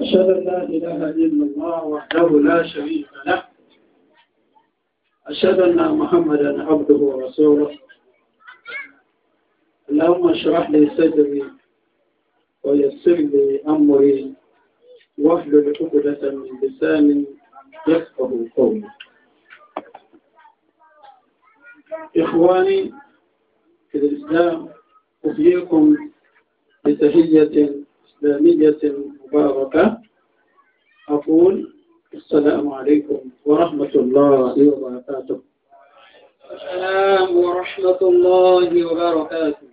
أشهد أن لا إله إلا الله وحده لا شريك له أشهد أن محمدا عبده ورسوله اللهم اشرح لي صدري ويسر لي أمري واحلل عقدة من لساني يفقه قولي إخواني في الإسلام أحييكم بتحية إسلامية وبركاته أقول السلام عليكم ورحمة الله وبركاته السلام ورحمة الله وبركاته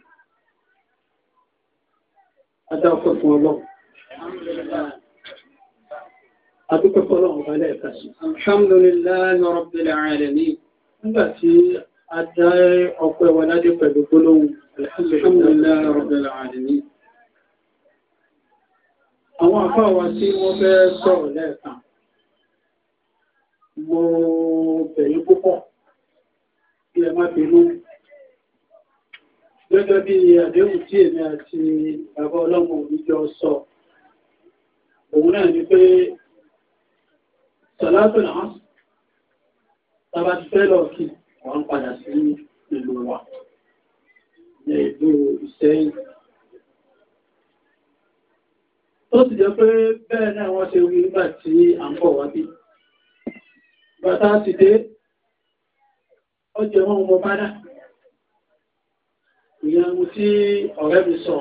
أتوقف الله الحمد لله أتوقف الله عليك الحمد لله رب العالمين بس أدعي أقوى ولدك بقلوب الحمد لله رب العالمين àwọn àfáwà tí wọ́n fẹ́ sọ̀rọ̀ lẹ́ẹ̀kan mo bẹ̀yìn púpọ̀ bí ẹ má bínú gẹ́gẹ́ bí àdéhùn tí èmi àti bàbá ọlọ́mọ òníjọ sọ òun náà ni pé sọ̀látò náà tàbá ti fẹ́ lọ kí wọ́n padà sí ìlú wa ní ìlú Ìṣẹ́yìn tó sì jẹ́ pé bẹ́ẹ̀ náà wọ́n ṣe wí nígbà tí à ń bọ̀ wá bí bàtà ti dé ọjọ́ wọn mọ bádà ìyanu tí ọ̀rẹ́ mi sọ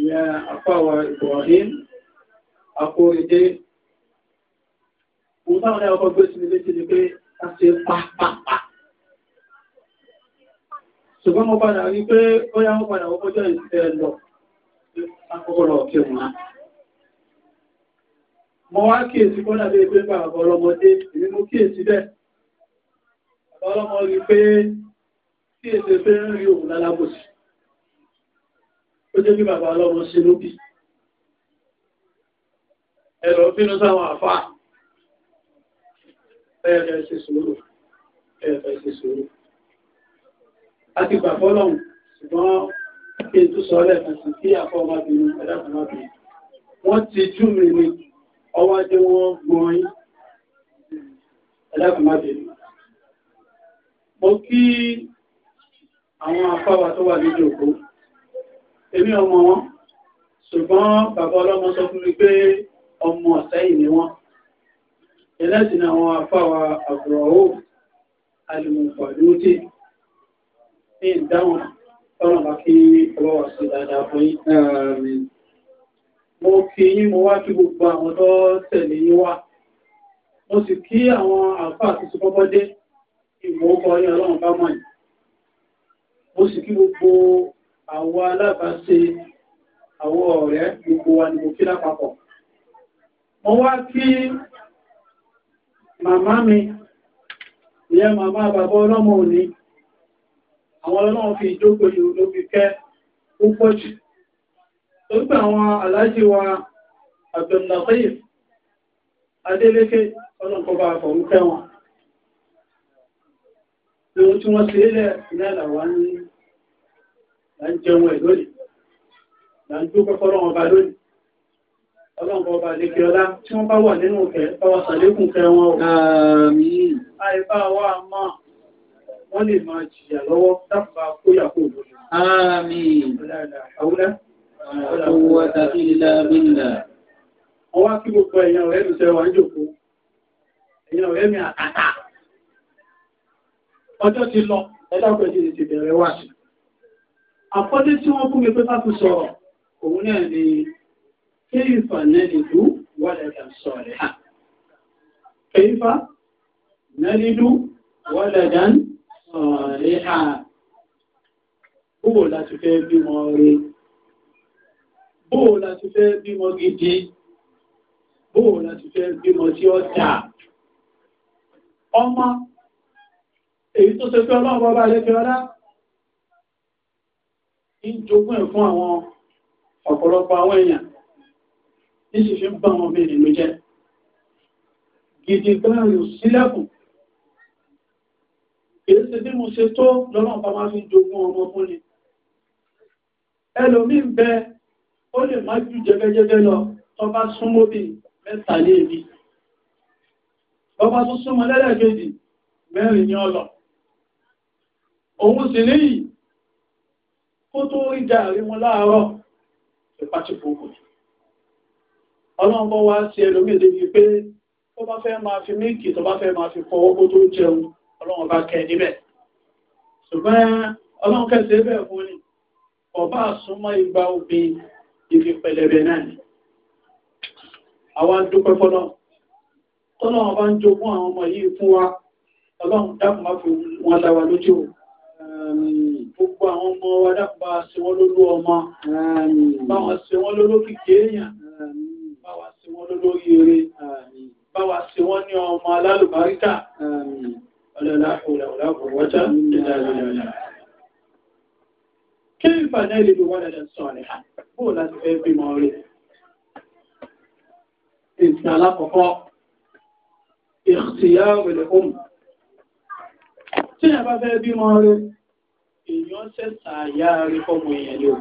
ìyá àpáwà Ibrahim akóredé mo táwọn ẹ̀kọ́ gbé sí ilé tí ni pé a ṣe pàpàpà ṣùgbọ́n mo padà rí pé ó yá wọ́n padà wọ́pọ́jọ́ ìṣẹ́ lọ akọ́kọ́ lọ kí wọn á mo wá kíyèsí kó dàbí pé bàbá ọlọ́mọdé èmi mo kíyèsí bẹ́ẹ̀ bàbá ọlọ́mọ rí pé kíyèsí pé ń rí òun lálábòsí ó jẹ́ bí bàbá ọlọ́mọ ṣe ló bí ẹ̀rọ bínú sáwọn àfáà ẹ̀rẹ̀ ṣe sòrò ẹ̀rẹ̀ ṣe sòrò a ti gbà fọ́lọ́hùn ṣùgbọ́n kí n tó sọ ọ́lẹ̀ kan sí kí àfọ́ ọmọbìnrin ẹ̀dá ọmọbìnrin wọ́n ti jú mi ni ọwọ́ tí wọ́n gbọ́nyí ẹlẹ́kùnmájẹ̀ mo kí àwọn afáwà tó wà nídìí òkú èmi ọmọ wọn ṣùgbọ́n bàbá ọlọ́mọ sọ fún mi pé ọmọ ọ̀sẹ́yìn ni wọ́n ẹlẹ́sìn àwọn afáwà àbúrọ̀wò alìmọ̀pàdútì ní ìdáhùn tọ́nà bá kí ọlọ́wà sí dáadáa fún yí mo kí yín mo wá kí gbogbo àwọn tó tẹ̀lé yín wá mo sì kí àwọn àlùfáà àti sọpọ́pọ́ dé ìmọ̀ ọkọ yín ọlọ́run bá mọ̀ yìí mo sì kí gbogbo àwọn alábàáṣe àwọn ọ̀rẹ́ gbogbo wa ni mo kí lápapọ̀ mo wá kí màmá mi ìyẹn màmá bàbá ọlọ́mọ òní àwọn ọlọ́run fi ìjókòó yìí ló fi kẹ́ púpọ̀ jù Orúkọ àwọn aláàjì wa Abdullatif Adéléké ọlọ́nkọba àfọ̀rúkẹ́ wọn. Lóhun tí wọ́n ṣe lẹ́ ìrìnàlà wá ní ìjẹun ẹ̀ lónìí. Ìlànjú pẹ́kọ́rọ́ wọn bá lónìí. Ọlọ́nkọba lékè ọlá tí wọ́n bá wà nínú kẹ́ báwa sàlékùn kẹ́ wọn ò. Àmín. Àìbá wa mọ̀ wọ́n lè máa إلا منا ọwá kí gbogbo ẹ̀yàn ọ̀rẹ́ mi sẹ́wà ń jòkó ẹ̀yàn ọ̀rẹ́ mi àtàtà ọjọ́ ti lọ ẹ̀dàpẹ̀ ti ti bẹ̀rẹ̀ wà sí àkọ́dé tí wọ́n fún mi pé fáfi sọ̀rọ̀ òun náà ni kéyìfà nẹ́lìdú wọ́lẹ̀dà sọ̀rẹ̀ à kéyìfà nẹ́lìdú wọ́lẹ̀dà sọ̀rẹ̀ à gbogbo láti fẹ́ bímọ rẹ̀ bóò láti fẹ́ bímọ gidi bóò láti fẹ́ bímọ tí ó dà ọmọ èyí tó ṣe fẹ́ ọlọ́run bàbá lẹ́fẹ́ ọlá ń jogún ẹ̀ fún àwọn ọ̀pọ̀lọpọ̀ àwọn èèyàn ní sì fi ń bá wọn bèèrè ló jẹ́ gidi gbáàrù sílẹ̀kùn kìí ṣe bí mo ṣe tó lọ́nà bá máa fi jogún ọmọ fún ni ẹlòmí ń ó lè má jù jẹ́gẹ́jẹ́gẹ́ lọ tó bá súnmọ́ bí mẹ́ta lé mi bọ́bá tó súnmọ́ lẹ́lẹ́kejì mẹ́rin ní ọlọ òun sì níyì kó tó rí jàrí wọn láàárọ̀ ìpàtìkòkò ọlọ́run bọ́ wá sí ẹlòmí débi pé ó bá fẹ́ máa fi mílìkì tó bá fẹ́ máa fi kọ owó tó jẹun ọlọ́run bá kẹ níbẹ̀ ṣùgbọ́n ọlọ́run kẹsẹ̀ bẹ̀ fún ni ọba àsúnmọ́ igba obìnrin ibi pẹlẹbẹ náà ni àwọn dúpẹ́ fọ́nà tọ́nà ọba ń jogún àwọn ọmọ yìí fún wa ọlọ́run dákun má fi wọn láwa lójú gbogbo àwọn ọmọ wa dákun bá ṣe wọ́n lólú ọmọ báwọn ṣe wọ́n lólókìkí èèyàn báwa ṣe wọ́n lólórí eré báwa ṣe wọ́n ní ọmọ alálùbáríkà ọlọ́lá ọlọ́lá ọ̀wọ́já ìdájọ́ ìdájọ́ كيف n fà náà lè wọ́n lẹ́dẹ̀ sọ̀rẹ̀ bó láti fẹ́ bí mọ́ rí ìsìn alákọ̀ọ́kọ́ ìrìtìyà rẹ̀ òun tí a bá fẹ́ bí mọ́ rí èèyàn sẹ́sà àyà rí fọ́mọ èèyàn ló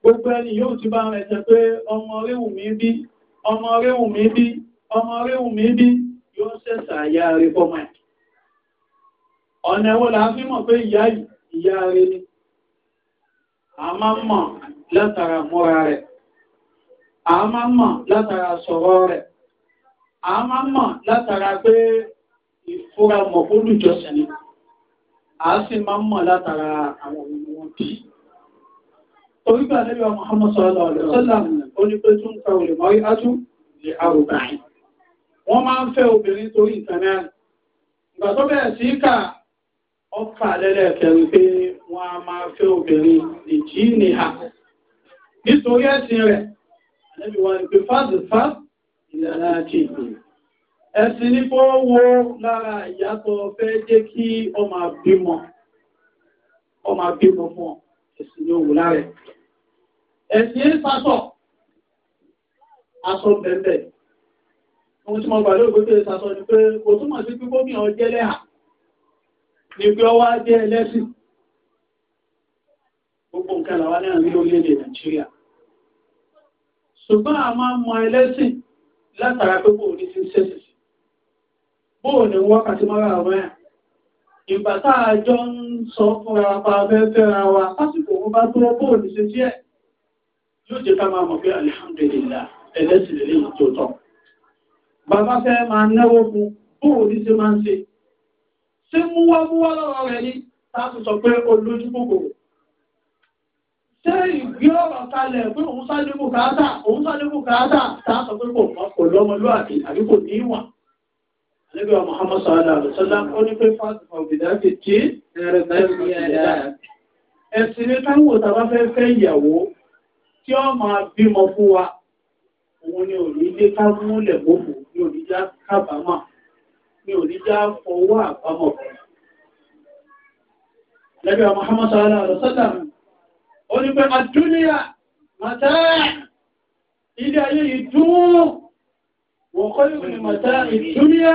gbogbo ẹni yóò ti bá rẹ̀ tẹ́ pé ọmọ réwù mi bí ọmọ réwù mi bí ọmọ réwù mi bí yóò sẹ́sà àyà rí fọ́mọ ẹ̀ ọ̀nà ẹwọ́ làá fímọ̀ pé ìyá ìyá rẹ̀ ni a máa ń mọ̀ látara múra rẹ̀ a máa ń mọ̀ látara sọ̀rọ̀ rẹ̀ a máa ń mọ̀ látara pé ìfúra mọ̀ fólùjọsìn ni a sì máa ń mọ̀ látara àwọn ohun bí torí pé àlejò Muhammad sallallahu alaihi wasallam ó ní pé tún ta olè mọ́rí ájú lè arùgbà wọ́n máa ń fẹ́ obìnrin torí nǹkan náà ìgbà tó bẹ̀rẹ̀ sí kà wọn a máa fẹ́ obìnrin ìjì ní ha nítorí ẹ̀sìn rẹ̀ ẹ̀bí wọn ìpè fásitì fá ìlànà àti ìpè ẹ̀sìn ní kó wo lára ìyàtọ̀ fẹ́ jẹ́ kí ọmọ bímọ ọmọ bímọ fún ọ ẹ̀sìn ní òwúlá rẹ̀ ẹ̀sìn sásọ̀ aṣọ bẹ̀ẹ̀bẹ̀ ohun tí mo gbà lóògbé pé sásọ ni pé kò túmọ̀ sí pípọ́ mi ọ jẹ́lẹ́hà ni pé ọwá jẹ́ ẹlẹ́sìn nǹkan làwọn náà rí lórílẹ̀-èdè Nàìjíríà ṣùgbọ́n a máa mọ ẹlẹ́sìn látara pé bóò ní sínsẹ́sì bóò ní wákàtí mọ́ra àwọn ẹ̀ ìgbà táà jọ ń sọ fúnra pa afẹ́fẹ́ra wa lásìkò wọn bá tó bóò ní sí díẹ̀ yóò jẹ́ ká máa mọ̀ pé alihamdulillah ẹlẹ́sìn lè léyìn tó tọ́ bàbá fẹ́ máa náwó fún bóò ní sí máa ń ṣe ṣé múwá múwá lọ́rọ̀ rẹ̀ ní táà sọ pé ṣé ìgbé ọ̀rọ̀ kalẹ̀ pé òun sáré bùkátà òun sáré bùkátà tá a sọ pé kò mọ kò lọ́mọlúwàbí àbí kò ní ìwà. Àlébí wa Muhammad sallallahu alaihi wa sallam ó ní pé fásitì ọ̀gbìdá ti jí ẹ̀sìn ní táwọn tàbá fẹ́ fẹ́ ìyàwó tí ó máa bímọ fún wa òun ni òní lé ká múlẹ̀ gbòmù ní òníjà kábàámà ní òníjà fọwọ́ àbámọ̀. Àlébí wa Muhammad sallallahu alaihi wa sallam ó ní pé àdúnyà màtá ilé ayé ìdún wọ́n kọ́ ìrìn màtá ìdúnyà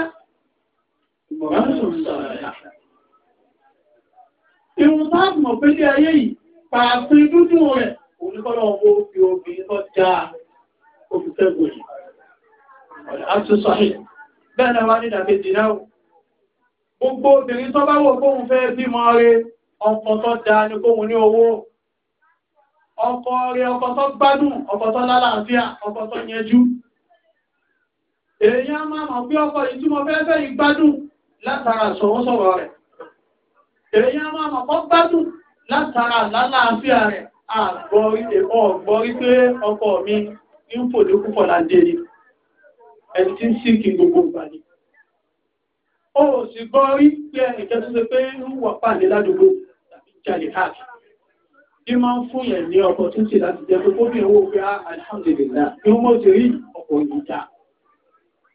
Ìrùn táàbù mọ̀ pé ní ayé yìí, pàápín dúdú rẹ̀, oníkọ́lọ̀ owó fi obìnrin tó já òfìsẹ́gùn yìí. Àtúsọ̀ yìí, bẹ́ẹ̀ náà wá ní ìdàbí ìdínáwó. Gbogbo obìnrin tó bá wò fóun fẹ́ bímọ rẹ̀, ọ̀pọ̀ tó já ní kóhun ní owó ọkọ rẹ ọkọ tó gbádùn ọkọ tó lálàáfíà ọkọ tó yẹjú èèyàn máa mọ̀ pé ọkọ yìí tí mo fẹ́ fẹ́ yìí gbádùn látara sọ̀rọ̀sọ̀rọ̀ rẹ̀ èèyàn máa mọ̀ pọ́ gbádùn látara lálàáfíà rẹ̀ àgbọ̀rí pé ọkọ mi ń fòdé púpọ̀ láńdé ni ẹni tí ń sí kí gbogbo ìgbà ni ó sì gbọ́ rí pé ẹnìkẹ́ tó ṣe pé ń wà pàdé ládùúgbò tàbí jáde káàkiri ìmọ̀ ń fún yẹn ní ọkọ̀ tó ti láti jẹ́ pé kóbí owó pé á ah, alhamdulillah ní ó mọ́ ti rí ọkọ̀ ìjà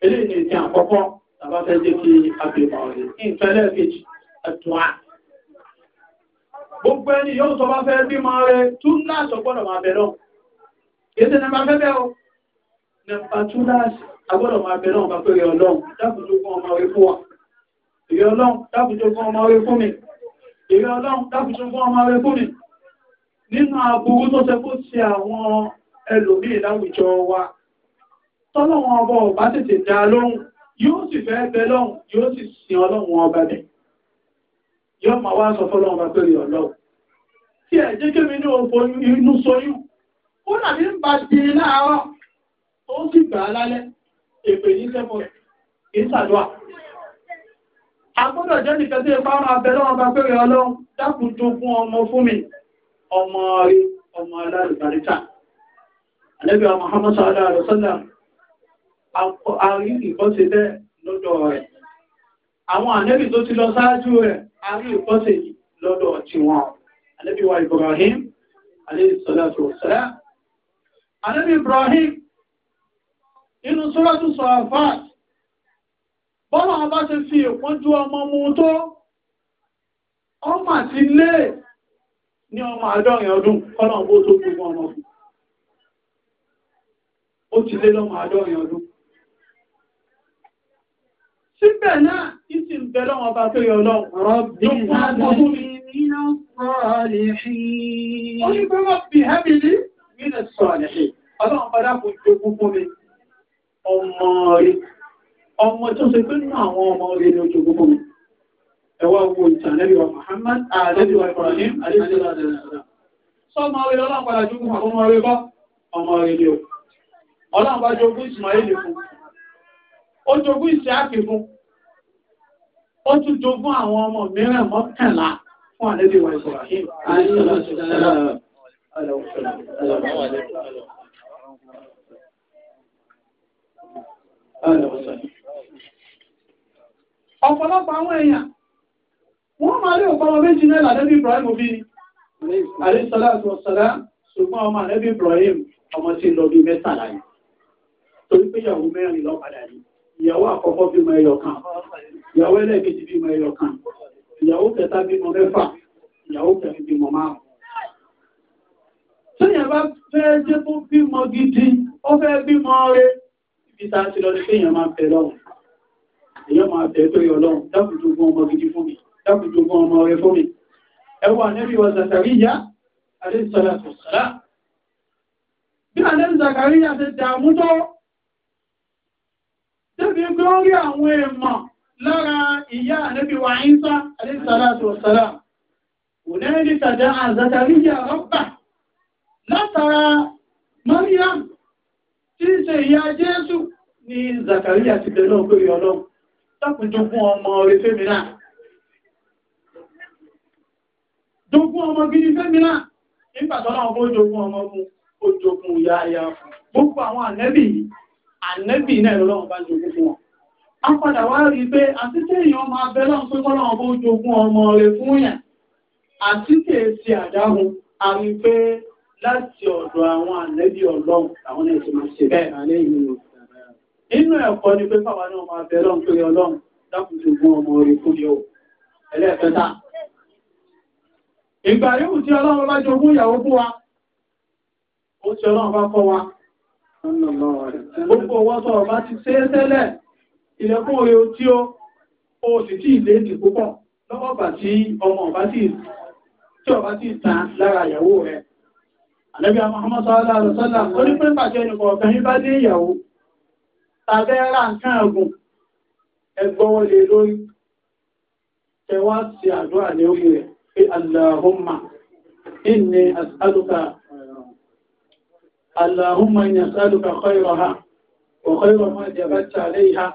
eléyìí ni ìjà àkọ́kọ́ tàbá fẹ́ jẹ́ kí abèmọ̀ rẹ̀ ní ìfẹ́lẹ́ kejì àdúà gbogbo ẹni yóò tọ́ bá fẹ́ bímọ rẹ̀ tún láàtọ̀ gbọ́dọ̀ máa bẹ̀ lọ kéde nàbà bẹ́bẹ̀ o nàbà tún láàtọ̀ agbọ́dọ̀ máa bẹ̀ lọ́wọ́ bá pé rẹ̀ ọlọ́run dábùjógún ọmọ rẹ̀ fún wa ìrẹ̀ ọlọ́run dábùjógún ọmọ rẹ̀ fún mi ìrẹ̀ ọlọ́run dábùjógún ọmọ rẹ̀ fún mi nínú aburú tó ṣe kó ṣe àwọn ẹlòmíì láwùjọ wa tọ́lọ́wọ́n ọba ọba tètè dá lóhùn yóò sì fẹ́ bẹ lọ́hùn yóò sì sin ọlọ́run ọba dẹ̀ yóò máa wá sọ fọ́lọ́run ọba pẹ̀lú ọlọ́run tí ẹ̀ jẹ́ kémi ní òfò inú soyún ó nà ní bá di láàárọ̀ ó sì gbà á lálẹ́ èpè ní sẹ́fọ̀ kì a gbọ́dọ̀ jẹ́ nìkan tí ipa máa bẹ lọ́wọ́ ọba pẹ̀lú ọlọ́run dákùn jogún ọmọ fún mi ọmọ rí ọmọ alárùbáríkà Muhammad sallallahu alaihi wasallam àrí ìkọ́sẹ̀ bẹ́ẹ̀ lọ́dọ̀ rẹ̀ àwọn ànábì tó ti lọ sáájú rẹ̀ àrí ìkọ́sẹ̀ yìí lọ́dọ̀ tí wọn Ànábì wa Ibrahim Ibrahim bọ́lá ọba ti fi ìpọ́njú ọmọ mú tó ọmọ àti ní ọmọ àádọ́rin ọdún kọ́lọ̀n bó tó gbogbo ọmọ ọdún ó ti lé lọ́mọ àádọ́rin ọdún síbẹ̀ náà ìsì ń bẹ lọ́wọ́ bá tó yọ ọlọ́run Ọmọ rí, ọmọ tó ṣe pé nínú àwọn ọmọ rí ní ojú gbogbo mi ẹwà owó ìtànẹ́bíwà Muhammad àdẹ́bíwà Ibrahim àdẹ́bíwà àdẹ́bíwà sọ́mọ orí ọlọ́run padà jogún àwọn ọmọ orí bọ́ ọmọ orí ni ó ọlọ́run bá jogún Ismaili fún ó jogún Isiaki fún ó tún jogún àwọn ọmọ mìíràn mọ́kànlá fún àdẹ́bíwà Ibrahim ọ̀pọ̀lọpọ̀ àwọn èèyàn rí ọ̀pọ̀lọ méjì náà lànẹ́bí Ibrahim bí àríṣọ́láàtù ọ̀sọ̀lá ṣùgbọ́n ọmọ ànẹ́bí Ibrahim ọmọ tí lọ bí mẹ́tàlá yìí torí pé ìyàwó mẹ́rin lọ padà ní ìyàwó àkọ́kọ́ bí mọ ẹyọ kan ìyàwó ẹlẹ́ẹ̀kejì bí mọ ẹyọ kan ìyàwó kẹta bí mọ mẹ́fà ìyàwó kẹrin bí mọ márùn tóyàn bá fẹ́ jẹ́ tó bímọ gidi ó fẹ́ bímọ rẹ ibi tá a ti lọ dákùnjogún ọmọ rẹ̀ fún mi ẹwà nẹ́bí wa zakariya alẹ́sọ̀lá bí alẹ́sọ̀ zakariya ti dààmú tó débi pé ó rí àwọn wa Ìsá alẹ́sọ̀lá òlẹ́rí tàdá àzàkàríyà rọ́bà látara Mariam tí í ṣe ìyá Jésù ní zakariya ti bẹ̀rẹ̀ ọgbẹ̀rẹ̀ ọlọ́run dákùnjogún ọmọ rẹ̀ fẹ́mi jogún ọmọ gidi fẹ́mìnà nígbàtọ́nà ọmọ jogún ọmọ fún ó jogún ya ya fún gbogbo àwọn ànẹ́bì ànẹ́bì náà lọ́wọ́ bá jogún fún wọn a padà wá rí pé àtítẹ́ èèyàn máa bẹ́ lọ́n pé kọ́nà ọmọ jogún ọmọ rẹ̀ fún yàn àtítẹ́ ti àdáhùn a rí pé láti ọ̀dọ̀ àwọn ànẹ́bì ọlọ́run àwọn náà ti máa ṣe bẹ́ẹ̀ alẹ́ ìlú inú ẹ̀kọ́ ni pé fáwọn náà máa bẹ́ lọ́n pé ọlọ́run dákùn jogún ọmọ rẹ̀ fún yóò ẹlẹ́ẹ̀kẹta ìgbà yóò tí ọlọ́run bá jogún ìyàwó fún wa ó tí ọlọ́run bá kọ́ wa gbogbo ọwọ́ tọ́ ọba ti ṣe é tẹ́lẹ̀ ilẹ̀kùn orí o tí ó ó sì tí ilé ti púpọ̀ lọ́wọ́gbà tí ọmọ ọba tí ọba tí ta lára ìyàwó rẹ̀ àlẹ́bí Muhammad sallallahu alaihi wasallam ó ní pé pàṣẹ ẹnìkan ọ̀kan yí bá dé ìyàwó tàbẹ́ ra nǹkan ẹ̀gùn ẹgbọ́wọ́ lè lórí tẹwàá sí àdúrà ní orí rẹ̀ pé aláhùnmá inni as'aluka aláhùnmá inni as'aluka khayraha wa khayra ma jabalta alayha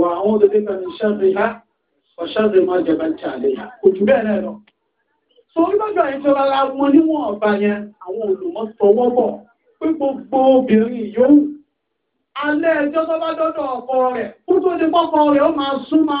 wa a'udhu bika min sharriha wa sharri ma jabalta alayha òjù bẹ́ẹ̀ rẹ̀ lọ so lọ́jọ́ ìjọba la mọ níwọ̀n ọba yẹn àwọn olùmọ̀ tọwọ́ bọ̀ pé gbogbo obìnrin yòówù alẹ́ ẹjọ́ tó bá dọ́dọ̀ ọkọ rẹ̀ kó tó ní pọ́pọ́ rẹ̀ ó máa súnmọ́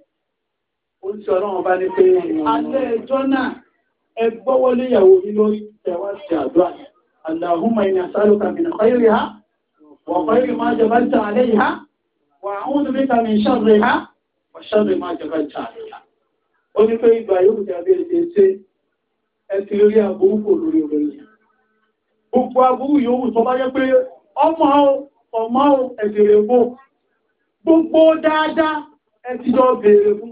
oúnjẹ ọlọ́run bá ní pé alẹ́ ẹjọ́ náà ẹ gbọ́wọ́lé ìyàwó yìí lórí tẹ̀wá sí àdúrà aláhùnmá ìní àsálù kàmìnà kọ́yìrì ha wà kọ́yìrì máa jọba ń tàn alẹ́ yìí ha wà àwọn obìnrin kàmì ìṣàrẹ̀ ha wà ṣàrẹ̀ máa jọba ń tàn alẹ́ yìí ha ìgbà yóò fi àbí ẹ̀ṣẹ̀ ṣe ẹ ti rí kò lórí olóyìn gbogbo aburú yòówù tó bá yẹ pé ọmọ ọmọ ẹ̀ṣẹ̀ rẹ̀ gbogbo dáadáa ẹ ti bèèrè fún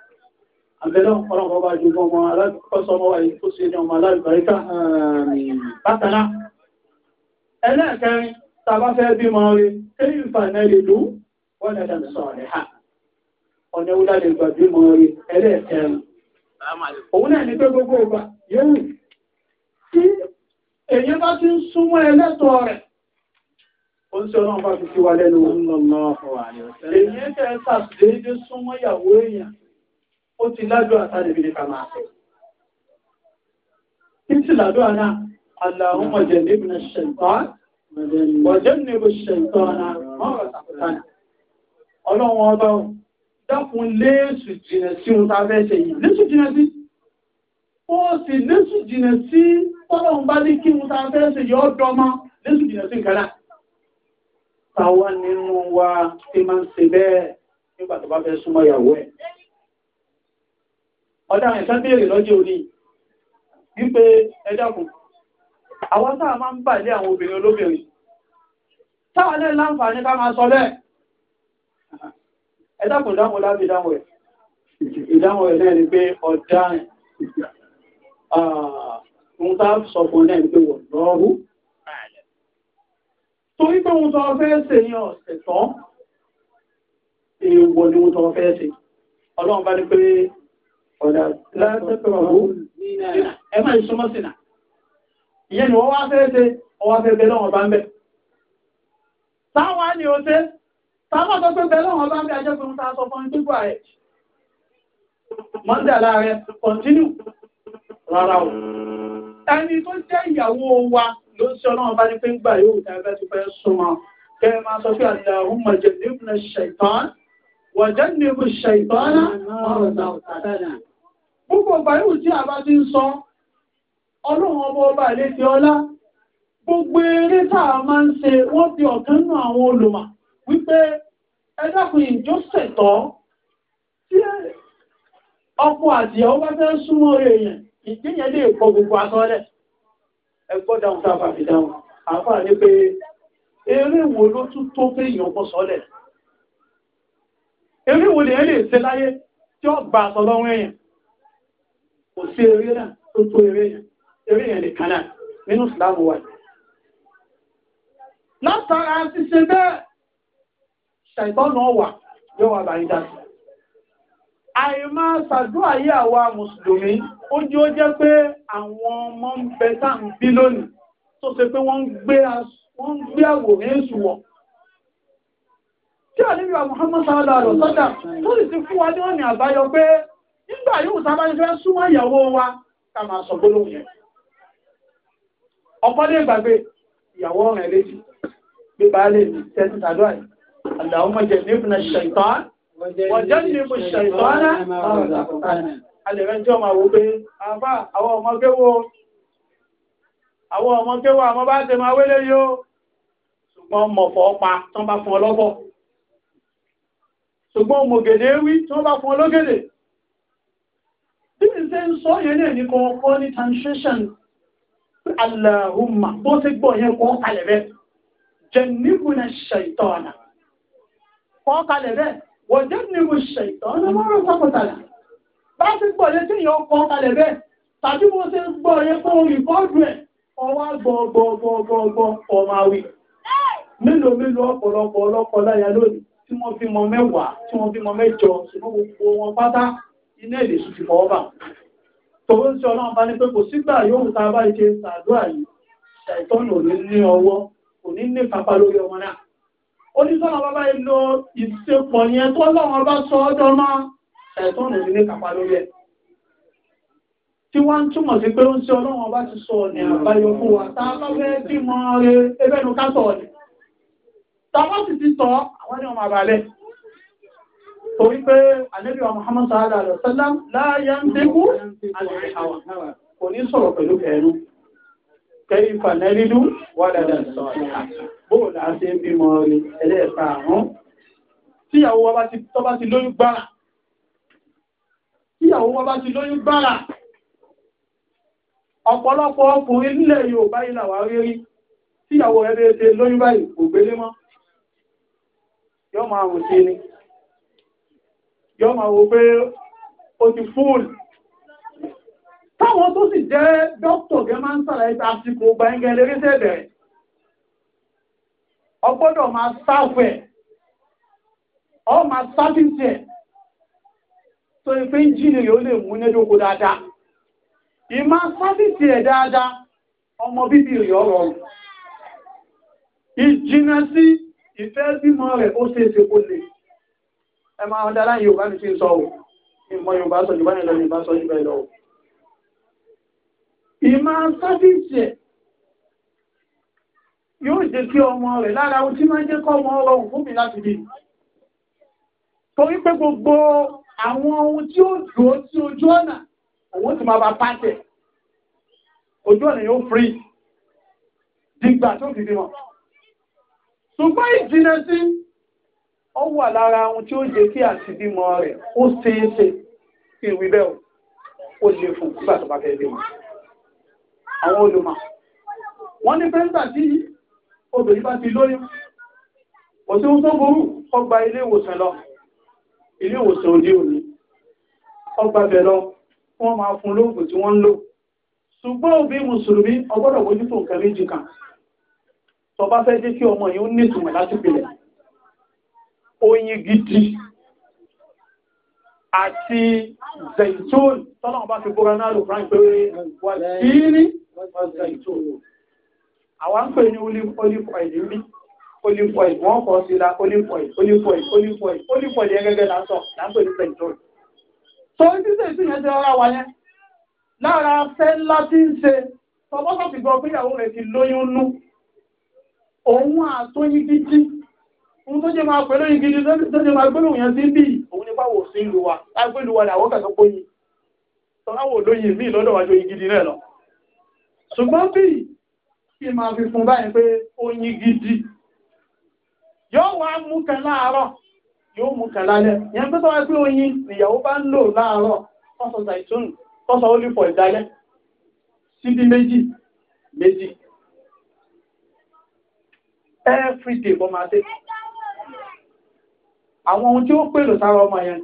àbẹ̀lọ́ ọ̀pọ̀lọpọ̀ bá ju ọmọ alákọ́sọmọ wa yìí tó ṣe ní ọmọ alábàríkà bákan náà ẹlẹ́ẹ̀kẹrin tàbá fẹ́ bí mọ́ rí kéyìn fàánẹ́ lè lú wọ́n lẹ́dà sọ̀rẹ̀ ha ọ̀nà wúlá lè gbà bí mọ́ rí ẹlẹ́ẹ̀kẹrin òun náà ní pé gbogbo ọgbà yóò tí èyí bá ti ń súnmọ́ ẹlẹ́tọ̀ rẹ̀ ó ń sọ́nà bá fi ti wà lẹ́nu ọ̀nà ọ̀nà ọ̀fọ̀ àríwọ̀ ó ti lájọ́ àtàrẹ̀bí ní kàmà àṣẹ. Títí làdọ́ àná, Allahumma jannibna ash-shaytan, wa jannib ash-shaytana ma razaqtana. Ọlọ́run ọba dákun léèsù jìnà sí ohun tá a fẹ́ ṣe yìí, léèsù jìnà sí. Ó sì léèsù jìnà sí Ọlọ́run bá ní kí ohun tá a fẹ́ ṣe yọ ọ́ dọ́mọ, léèsù jìnà sí nǹkan náà. Táwa nínú wa ti máa ń ṣe bẹ́ẹ̀ nígbà bá fẹ́ súnmọ́ ìyàwó ẹ̀ ọ̀daràn ìkan béèrè lọ́jọ́ òní wípé ẹjọ́kùn àwọn sáà máa ń bàlé àwọn obìnrin olóbìnrin sáà lẹ́ láǹfààní ká máa sọ bẹ́ẹ̀ ẹjọ́kùn dáhùn láti dáhùn ẹ̀ ìdáhùn ẹ̀ náà ni pé ọ̀daràn tá sọ fún náà ni pé wọ̀ lọ́rú torí pé ohun tó Táwọn ni ó tẹ́, táwọn tó pé bẹ̀rẹ̀ wọn bá ń bí ajẹ́ fún ta sọ fún ìdígbà rẹ̀. Mọ́ndà láàrẹ, kọ̀ntínú, rárá o. Ẹni tó jẹ́ ìyàwó wa ló ń ṣe ọlọ́run bá ní pé ń gbà yóò tẹ́ẹ̀fẹ́ ti fẹ́ súnmọ́. Kẹ́ máa sọ pé Allahumma jannibna shaytan, wa jannibna shaytana, ọ̀rọ̀ Gbogbo bàírù tí a bá ti ń sọ, ọlọ́run ọmọ ọba ilé ti ọlá, gbogbo eré táà máa ń ṣe wọ́n fi ọ̀kan nù àwọn olùmọ̀ wípé ẹdákùn ìjọ sẹ̀tọ́ tí ọkọ àti ọwọ́ fẹ́ súnmọ́ èèyàn ìgbéyàn lè pọ̀ gbogbo asọ́lẹ̀. Ẹgbọ́ dáhùn sáfà fi dáhùn, àfà ní pé eré wo ló tún tó pé èèyàn kọ́ sọ́lẹ̀. Eré wo lè lè ṣe láyé tí ó gbà sọ lọ́wọ́ èèyàn kò sí eré náà tó tó eré yẹn eré yẹn nìkan nínú ìsìláàmù wa látara ṣíṣe bẹ́ẹ̀ ṣàìbọ́nà wà yọ́wà bàrídà sí àìmá ṣàdúrà yí àwa mùsùlùmí ó jí ó jẹ́ pé àwọn ọmọ ń bẹ táà ń bí lónìí tó ṣe pé wọ́n ń gbé àwòrán èṣù wọ̀ tí àlébíwà Muhammad sallallahu alaihi wasallam tó sì ti fún wa ní ọ̀nà àbáyọ pé nígbà yóò sábà ń fẹ́ súnmọ́ ìyàwó wa ká máa sọ gbólóhùn yẹn ọ̀pọ̀ lè gbàgbé ìyàwó rẹ̀ létí pé bá lè ní tẹ́tí tàdó àyè àdàwọn mọ̀jẹ̀ nípìnlẹ̀ ṣẹ̀tán wọ̀jẹ́ nípò ṣẹ̀tán alẹ́rẹ́jọ́ máa wo pé àwọn ọmọ kéwò àmọ́ bá tẹ máa wélé yóò ṣùgbọ́n mọ̀fọ́ pa tán bá fún ọlọ́fọ́ ṣùgbọ́n mọ̀gẹ̀dẹ̀ wí tán bá fún ọlọ́gẹ̀dẹ̀ ń sọ yẹn náà ní kọ́ọ̀kọ́ ní translation Allahumma bó ti gbọ́ yẹn kọ́ kalẹ̀ bẹ́ẹ̀ jannibuna shaitana kọ́ kalẹ̀ bẹ́ẹ̀ wọ́n jannibu shaitana mọ́rọ̀ sọ́kọ̀tàlà bá ti gbọ́ yẹn tí yẹn kọ́ kalẹ̀ bẹ́ẹ̀ tàbí bó ti gbọ́ yẹn kọ́ rìpọ́ọ̀dù ẹ̀ ọwá gbọ̀gbọ̀gbọ̀gbọ̀ ọmọ àwì mélòó mélòó ọ̀pọ̀lọpọ̀ ọlọ́pọ̀ láyà lónìí tí wọ́n fi mọ mẹ́wàá tí wọ́n fi mọ mẹ́jọ ṣùgbọ́n gbogbo wọn pátá iná èdè sùn ti fọwọ́ bà tòwó ń ṣe ọlọ́run bá ní pé kò sígbà yóò ta bá ṣe ṣàdúrà yìí ṣàìtọ́nù òní ní ọwọ́ òní ní kápá lórí ọmọ náà oníṣọ́nà bàbá yìí lo ìṣepọ̀ yẹn tó lọ́wọ́ bá sọ ọjọ́ máa ṣàìtọ́nù òní ní kápá lórí ẹ̀ tí wọ́n ń túmọ̀ sí pé ó ń ṣe ọlọ́run ọba ti sọ ọ̀nà àbáyọ fún wa tá a bá fẹ́ bímọ rẹ ebẹ́nu ká sọ ọ̀nà tàwọn sì ti sọ àwọn ní ọmọ àbálẹ̀ torí pé ànábì wa Muhammad sallallahu alaihi wasallam láyá ń tẹ́kù kò ní sọ̀rọ̀ pẹ̀lú ẹnu kẹfà nẹ́rìndú wà dáadáa sọ̀rọ̀ bóòlù àti bímọ rí ẹlẹ́ẹ̀ta àrùn tíyàwó wa ti lóyún gbára tíyàwó wa bá ti lóyún gbára ọ̀pọ̀lọpọ̀ ọkùnrin nílẹ̀ Yorùbá ilà wà rí tíyàwó ẹgbẹ́ ṣe lóyún báyìí kò gbélé mọ́ yọ́ máa rùn sí ni yọ́ máa wo pé ó ti fúùlù táwọn tó sì jẹ́ dókítọ̀ gẹ́ máa ń sàlàyé àsìkò gbàǹgẹ̀ lérí sẹ́bẹ̀rẹ̀ ọgbọ́dọ̀ máa sáfẹ̀ ọ máa sáfíìsẹ̀ tó ìpé jíni yóò lè mú nẹ́dókò dáadáa ìmá sáfíìsì ẹ̀ dáadáa ọmọ bíbí rẹ̀ ọ̀rọ̀ ìjìnà sí ìfẹ́ bímọ rẹ̀ ó ṣeéṣe kó lè ẹ máa ń dára Yorùbá ní tí ń sọ ò ìmọ̀ Yorùbá sọ Yorùbá ní lọ Yorùbá sọ Yorùbá lọ ò ìmọ̀ sáfíìsì ẹ̀ yóò jẹ́ kí ọmọ rẹ̀ lára ohun tí máa ń jẹ́ kọ́ ọmọ rọrùn fún mi láti bí torí pé gbogbo àwọn ohun tí ó dúró sí ojú ọ̀nà òun ti máa bá pàṣẹ ojú ọ̀nà yóò frí dìgbà tó fi bímọ ṣùgbọ́n ìjìnlẹ̀ sí ó wà lára ohun tí ó jẹ́ kí àtibímọ rẹ̀ ó ṣeéṣe kí ìwé bẹ́ẹ̀ ó lè fún nígbà tó bá fẹ́ bímọ àwọn olùmọ̀ wọ́n ní pẹ́ńtà tí obìnrin bá ti lóyún kò sí ohun tó burú ọgbà ilé ìwòsàn lọ ilé ìwòsàn òde òní ọgbà bẹ̀ lọ wọ́n máa fún lóògùn tí wọ́n ń lò ṣùgbọ́n òbí mùsùlùmí ọgbọ́dọ̀ bójútó nǹkan méjì kan tó bá fẹ́ jẹ́ kí ọmọ yìí ó nítumọ̀ láti pilẹ̀ oyin gidi àti zaitun tọ́lọ̀wọ́ bá fi bóra náà lò fráń pé wà sí ní zaitun àwọn pè ní olive oil ní olive oil wọ́n kọ́ sí la olive oil olive oil olive oil olive oil yẹn gẹ́gẹ́ lásọ̀ láńpẹ̀ ní zaitun tó ń tí zaitun yẹn ti rárá wa yẹn lára fẹ́ ńlá tí ń ṣe tọ́bọ́sọ̀ ti gbọ́ pé rẹ̀ ti lóyún nú òun àtóyín gidi ń tó jẹ́ máa pẹ̀lú ìgidi tó jẹ́ máa gbẹ́lú yẹn sí bí òun ní báwo sí ìlú wa lágbẹ́lú wa làwọ́ kàtó pé yìí tọ́láwò lóyè mí lọ́dọ̀ wájú ìgidi náà lọ ṣùgbọ́n bí kí máa fi fún báyìí pé ó yín gidi yóò wá mú kan láàárọ̀ yóò mú kan lálẹ́ yẹn pẹ́ tọ́wọ́ pé oyin ìyàwó bá ń lò láàárọ̀ tọ́sọ̀ zaitun tọ́sọ̀ olífọ̀ ìdálẹ́ síbí méjì méjì everyday bọ́ máa tẹ́ àwọn ohun tí ó pèlò sára ọmọ yẹn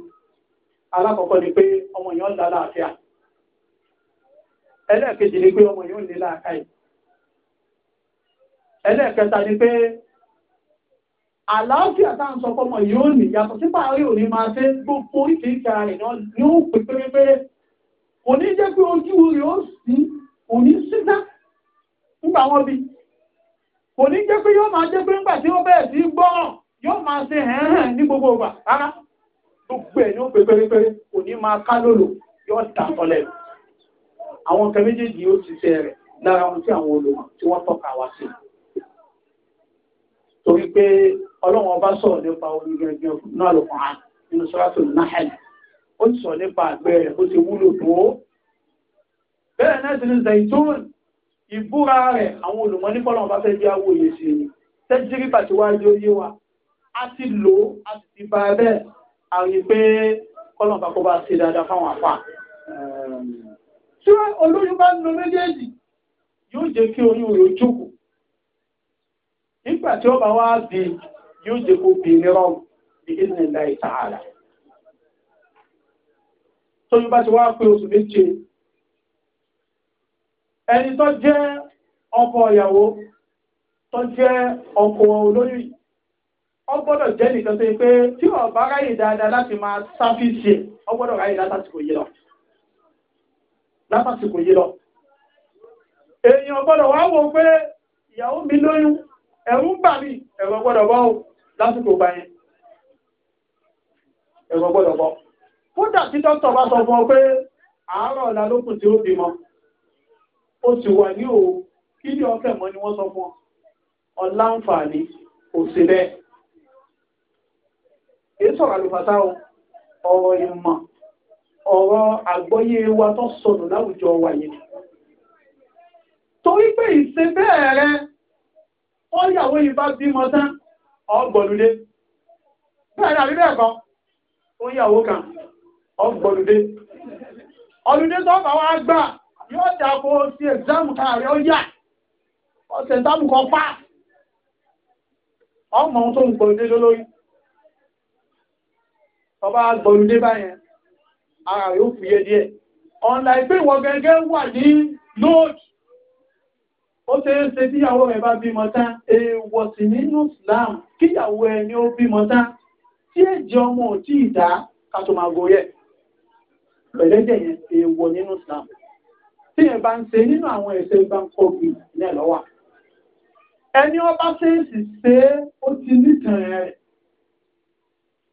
alákọ̀ọ́kọ́ ni pé ọmọ yẹn ń la láàfíà ẹlẹ́ẹ̀kejì ni pé ọmọ yẹn ń lè láàkáì ẹlẹ́ẹ̀kẹta ni pé àlàáfíà tá à ń sọ pé ọmọ yìí ó nì yàtọ̀ sí pàárí òní máa fẹ́ gbogbo oríṣiríṣi ara rẹ̀ ni ó pè pérépé kò ní jẹ́ pé ojú rẹ̀ ó sí kò ní síná nígbà wọn bí kò ní jẹ́ pé yóò máa jẹ́ pé nígbà tí ó bẹ̀rẹ̀ sí gbọ́ràn yóò máa ṣe hẹ́hẹ́n ní gbogbo ọgbà rárá gbogbo ẹ̀ ní ó pè pérépéré kò ní máa ká lòlò yóò dà tọ́lẹ̀ àwọn nǹkan méjèèjì yóò ti ṣe rẹ̀ lára ohun tí àwọn olùmọ̀ tí wọ́n tọ́ka wá sí torí pé ọlọ́run ọba sọ̀rọ̀ nípa omi gẹ́gẹ́ náà lọ́kọ̀ án nínú sọ́ràtò náhẹ́lì ó ti sọ̀rọ̀ nípa àgbẹ̀ rẹ̀ ó ti wúlò tó bẹ́ẹ̀ náà ti ní zaitun ìbúra rẹ̀ àwọn olùmọ̀ nípa ọlọ́run ọba fẹ́ jẹ́ awòye sí i tẹ́jírí bàtí yé wa a ti lò ó a sì ti bá ẹbẹ́ àrí pé kọ́lọ̀n bá kó bá ṣe dáadáa fáwọn àfà tí olóyún bá ń lo méjèèjì yóò jẹ́ kí oyún rẹ̀ jókòó nígbà tí ó bá wá bí yóò jẹ́ kó bí nírọ̀ bí ìdílé ta'ala tóyún bá ti wá pé oṣù méje ẹni tó jẹ́ ọkọ ìyàwó tó jẹ́ ọkọ olóyún ọ gbọ́dọ̀ jẹ́ nìkan tó yẹ pé tí ọba ráyè dáadáa láti máa sáfíìsì ọ gbọ́dọ̀ ráyè látàsìkò yìí lọ látàsìkò yìí lọ èèyàn gbọ́dọ̀ wá wo pé ìyàwó mi lóyún ẹ̀rù ń bà mí ẹ̀rọ gbọ́dọ̀ bọ́ lásìkò gbà yẹn ẹ̀rọ gbọ́dọ̀ bọ́ kódà tí dókítà bá sọ fún ọ pé àárọ̀ ọ̀la ló kù tí ó bímọ ó sì wà ní òun kí ni ọ̀fẹ́ mọ́ ni wọ́n sọ fún ọ ọ̀la ń fà ní òsì bẹ́ẹ̀ èyí sọ̀rọ̀ àlùfàtà o ọ̀rọ̀ ìmọ̀ ọ̀rọ̀ àgbọ́yé wa tó sọnù láwùjọ wa yìí torí pé ìṣe bẹ́ẹ̀ rẹ ó yàwó ìbá bímọ tán ọgbọ̀lùdé bẹ́ẹ̀ àrí bẹ́ẹ̀ kan ó yàwó kan ọgbọ̀lùdé ọlùdé tó bá wá gbà yóò dàpọ̀ sí ẹ̀gbẹ́mù káàrí ó yà ọ̀sẹ̀ tábùkọ pa ọmọ ohun tó ń gbọ̀lùdé lólórí tọba gbọ́ndé báyẹn ara yóò fúyẹ́ díẹ̀ ọ̀nà ìpé ìwọ̀ gẹ́gẹ́ wà ní lóòjì ó ṣe é ṣe tíyàwó rẹ̀ bá bímọ tán èèwọ̀ sí nínú Islam kíyàwó ẹni ó bímọ tán tí èjì ọmọ ò tí ìdá kàtò máa gorí ẹ̀ pẹ̀lẹ́dẹ̀ yẹn èèwọ̀ nínú Islam tí ẹ bá ń ṣe nínú àwọn ẹ̀ṣẹ̀ bá ń kọ́ bí ní ẹ̀lọ́wà ẹni ọba ṣe é sì ṣe ó ti nítàn rẹ̀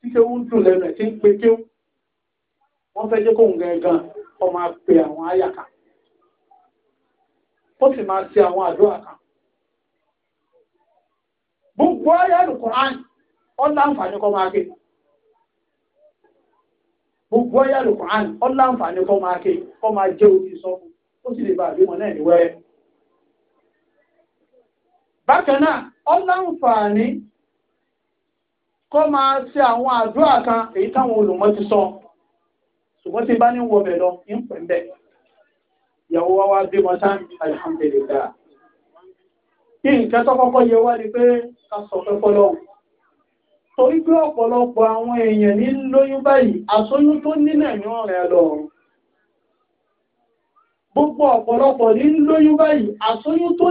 títí ó ń dùn lẹ́nu ẹ̀ tí ń pe kí wọ́n fẹ́ jẹ́ kóhùn gẹ̀ẹ́gàn ọ máa pe àwọn àyàkà ó sì máa ṣe àwọn àdúrà kan gbogbo ayẹ́lù kọ̀rán ọlá àǹfààní kọ́ máa ké gbogbo ayẹ́lù kọ̀rán ọlá àǹfààní kọ́ máa ké kọ́ máa jẹ́ òbí sọ́kù ó sì lè bá àbí wọn náà ní wẹ́rẹ́ bákan náà ọlá àǹfààní kó máa ṣe àwọn àdúrà kan èyí táwọn olùmọ̀ ti sọ ṣùgbọ́n tí bá ní wọ bẹ̀ lọ ń pẹ̀ bẹ̀ ìyàwó wa wá bímọ tán alihamdulilayi kí nǹkan tó kọ́kọ́ yẹ wá ni pé ká sọ pé fọlọ́hùn torí pé ọ̀pọ̀lọpọ̀ àwọn èèyàn ní lóyún báyìí àsóyún tó nílẹ̀ ní ọ̀rẹ́ lọ́rùn ní lóyún báyìí àsóyún tó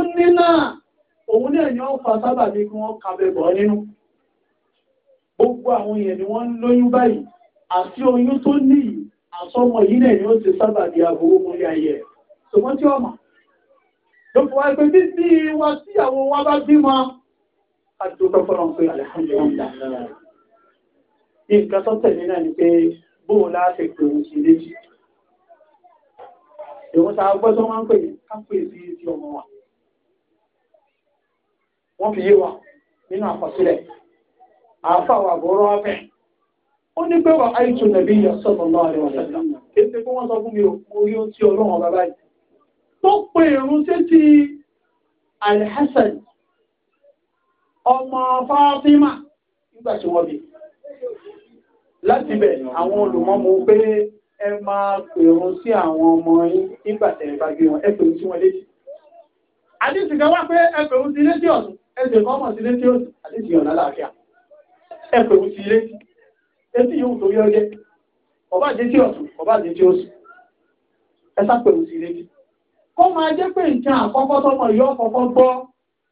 kí wọ́n kàbẹ̀bọ̀ nínú gbogbo àwọn èèyàn ni wọ́n ń lóyún báyìí àti oyún tó ní yìí àsọmọ yìí náà ni ó ti sábà di àbúrò múlẹ̀ ayẹ ṣùgbọ́n tí ọmọ ló fi wá pé títí wa tí àwọn wa bá bímọ àdúgbò fọlọ́n pé alhamdulilayi nǹkan tó tẹ̀lé náà ni pé bóun láti pè òun sí léjì ìwọ́n ta gbọ́ tó máa ń pè ní kápè sí ti ọmọ wa wọ́n fi yé wa nínú àkọsílẹ̀ àfàwà àbúrọ̀ ọ̀fẹ́ ó ní pé wà áìtù nàbí ìyàsọ́tọ̀ náà rẹ̀ ọ̀sẹ̀lá kéèké kí wọ́n sọ fún mi orí ó tí ọlọ́run bàbá yìí tó pe ìrún sétí alhassan ọmọ Fátímà nígbà tí wọ́n bí láti bẹ̀ àwọn olùmọ́mú pé ẹ máa pèrún sí àwọn ọmọ yín nígbà tẹ̀ bá gbé wọn ẹ pèrún sí wọn létí àdìsí kan wá pé ẹ pèrún sí létí ọ̀tún ẹ sì kọ́ mọ̀ sí létí ọ̀tún àdìsí ọ̀nà láàáfíà ẹ̀pẹ̀wù sí ilé etí yóò tó yọ jẹ́ ọba jẹ́ tí ọ̀tún ọba jẹ́ tí oṣù ẹ sápẹ̀wù sí ilé kó máa jẹ́ pé nǹkan àkọ́kọ́ tọmọ yóò kọ́kọ́ gbọ́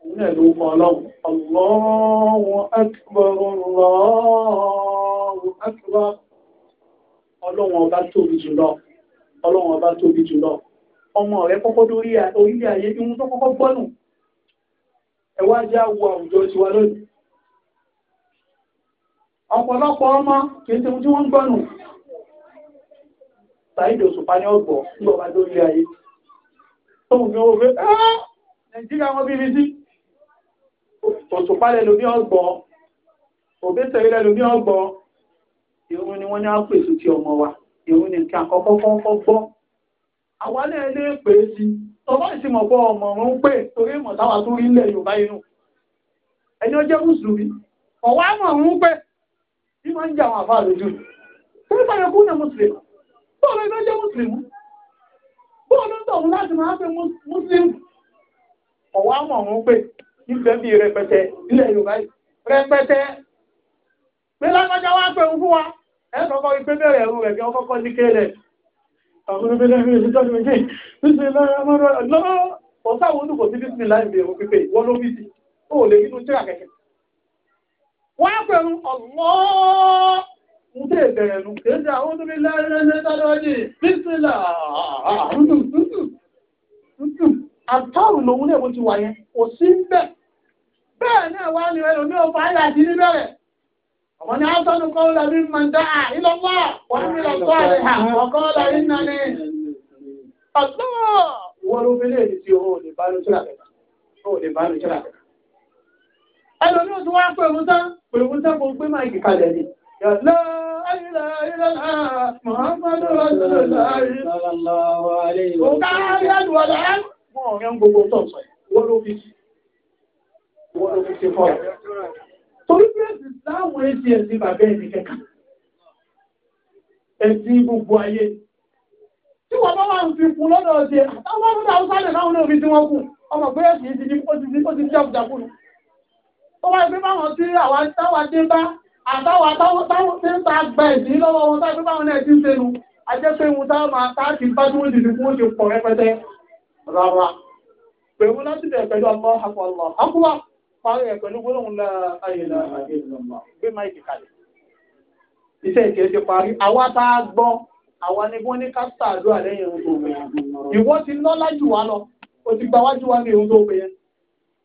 òun náà ló kọ́ ọlọ́run ọlọ́run akbar ọlọ́run akbar ọlọ́run ọba tóbi jùlọ ọlọ́run ọba tóbi jùlọ ọmọ rẹ kọ́kọ́ lórí orílẹ̀ ayé bí wọ́n tó kọ́kọ́ gbọ́nù ẹwà jẹ́ àwọ àwùjọ tiwa lónìí ọ̀pọ̀lọpọ̀ ọmọ kìí tí wọ́n ń gbọ́nù ṣàìdò ṣùpá ní ọgbọ̀ ní ọba lórí ayé tó mú ní orí ah, nàìjíríà wọ́n bí rí sí òṣùpá lẹ́lòmí ọgbọ̀ òbí tẹ̀rí lẹ́lòmí ọgbọ̀ ìrún ni wọ́n ní àpèsù ti ọmọ ni kí àkọ́kọ́ kọ́kọ́ gbọ́ àwálẹ̀ ilé pè é sí tọ́bá ìsìmọ̀ pọ̀ ọmọ ọ̀run pè pè tí máa ń jà àwọn àfáà lójú torí báyọ̀ kú ní mùsùlùmí bọ́ọ̀lù ẹgbẹ́ jẹ́ mùsùlùmí bọ́ọ̀lù ń tọ̀hún láti máa fẹ́ mùsùlùmí ọ̀wọ́ àmọ̀ ọ̀hún pé nífẹ̀ẹ́ bíi rẹpẹtẹ ilẹ̀ Yorùbá yìí rẹpẹtẹ pé lágbájá wá pé òun fún wa ẹ kọ́kọ́ rí pé bẹ̀rẹ̀ ẹ̀rù rẹ̀ kí wọ́n kọ́kọ́ ní kéèlè àwọn ọmọ ilé ìrìn ìjọba méjì níṣẹ́ lára mọ́ra lọ́wọ́ ọ̀sáwọn olùkọ́ sí bísí láì bẹ̀rù pípé wọ́n ló bí sí ó lè nínú tíra kẹ̀kẹ́ wọ́n á pẹ̀lú ọ̀gbọ́n mú tẹ́ ìbẹ̀rẹ̀ nù kéde àwọn tó bí lẹ́rẹ́rẹ́ tálọ́jì bísílà àtọ́rù lòun lè mo ti wà yẹn kò sí ń bẹ̀ bẹ́ẹ̀ náà wá ní ẹlò ní ọba ayé àti níbẹ̀rẹ̀ ọmọ ní asọ́nu kọ́ lórí mọ̀ndá ìlọ́pọ̀ wọ́n ní lọ́pọ̀ rẹ̀ àkọ́kọ́ lórí nani ọ̀tọ́ wọ́n ló fi lè ẹlòmí ò tún wá pé òun tán pèlòmú tán kò gbé máa kìkalẹ̀ ni. yàtọ̀ ayílẹ̀ ayílẹ̀ náà muhammadu rasulillah sallallahu alayhi wa sallam. òǹkà ayé àdúrà lẹ́yìn. wọ́n ọ̀rẹ́ ń gbogbo tó sọ wọ́n ló fi wọ́n ló fi ṣe fọ́ ẹ̀. torí pé ẹ̀sìn láwọn ẹ̀sìn ẹ̀sìn bàbá ẹ̀sìn kẹ̀kà ẹ̀sìn gbogbo ayé tí wọ́n bá wà ń fi kun lọ́dọ̀ ọ̀sẹ̀ àwọn ọmọdé haúsá lè láwọn náà fi tí wọ́n kù ọmọ pé ẹ̀sìn ti ní ó ti ní ó ti ní ó wáyé pé báwọn tí àwa táwa dé bá àtàwọn táwọn tí ń ta gba ẹ̀sìn lọ́wọ́ wọn táwọn pé báwọn náà ti ń sẹ́nu ajẹ́ pé wọn táwọn máa tá àti bá tí wọ́n ti dìbò ti pọ̀ rẹpẹtẹ rárá pẹ̀lú láti bẹ̀rẹ̀ pẹ̀lú ọmọ àpọ̀lọ̀ àkúwà parí ẹ̀ pẹ̀lú gbólóhùn la ayèlà àjẹsọ̀mọ̀ gbé máìkì kalẹ̀ iṣẹ́ ìkẹ́ ti parí àwa tá a gbọ́ àwa ni wọ́n ní kásítà àdúrà lẹ́yìn ohun tó gbẹ̀yẹn ìwọ ti lọ́lá jù wá lọ o ti gbawájú wá ní ohun tó gbẹ̀yẹn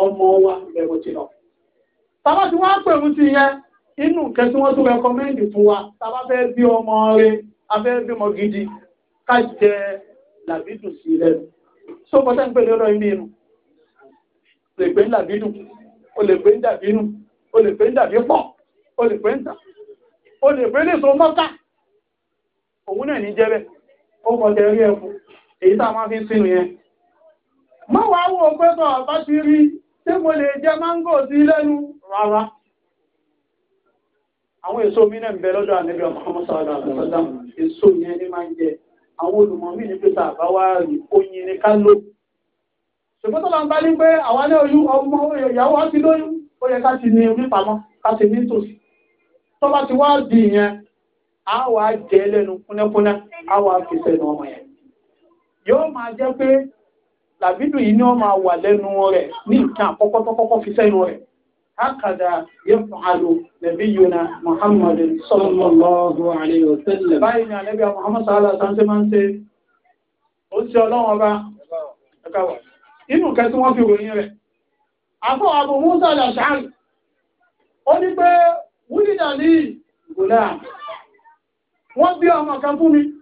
ọmọ wa lẹ́wọ́ ti lọ. Tàbá tí wọ́n pẹ̀lú ti yẹ inú nǹkan tí wọ́n tún rẹkọmẹ́ndì fún wa, tàbá fẹ́ bí ọmọ rẹ, abẹ́ gidi, ká jẹ làbídù sí lẹ́nu. Só bọ́tẹ́ ń pè lọ́rọ̀ inú inú. èyí wo bá tí mo lè jẹ mángò sí lẹ́nu rárá àwọn èso mi náà ń bẹ lọ́dọ̀ àníbí ọmọ ọmọ sọ́dọ̀ àtọ́sọ́dọ̀ èso yẹn ní máa ń jẹ àwọn olùmọ̀ mí ní pẹ́sà bá wá rí oyin ní ká ló ṣùgbọ́n tó bá ń bá ní pé àwọn alẹ́ oyún ọmọ làbídù yìí ni wọ́n máa wà lẹ́nu rẹ̀ ní nǹkan fi sẹ́nu rẹ̀ hákàdà yẹ́fàálù lẹ́bí yóna Muhammad sallallahu alayhi wa báyìí ni Muhammad sallallahu alayhi wa sallam máa ń ṣe ó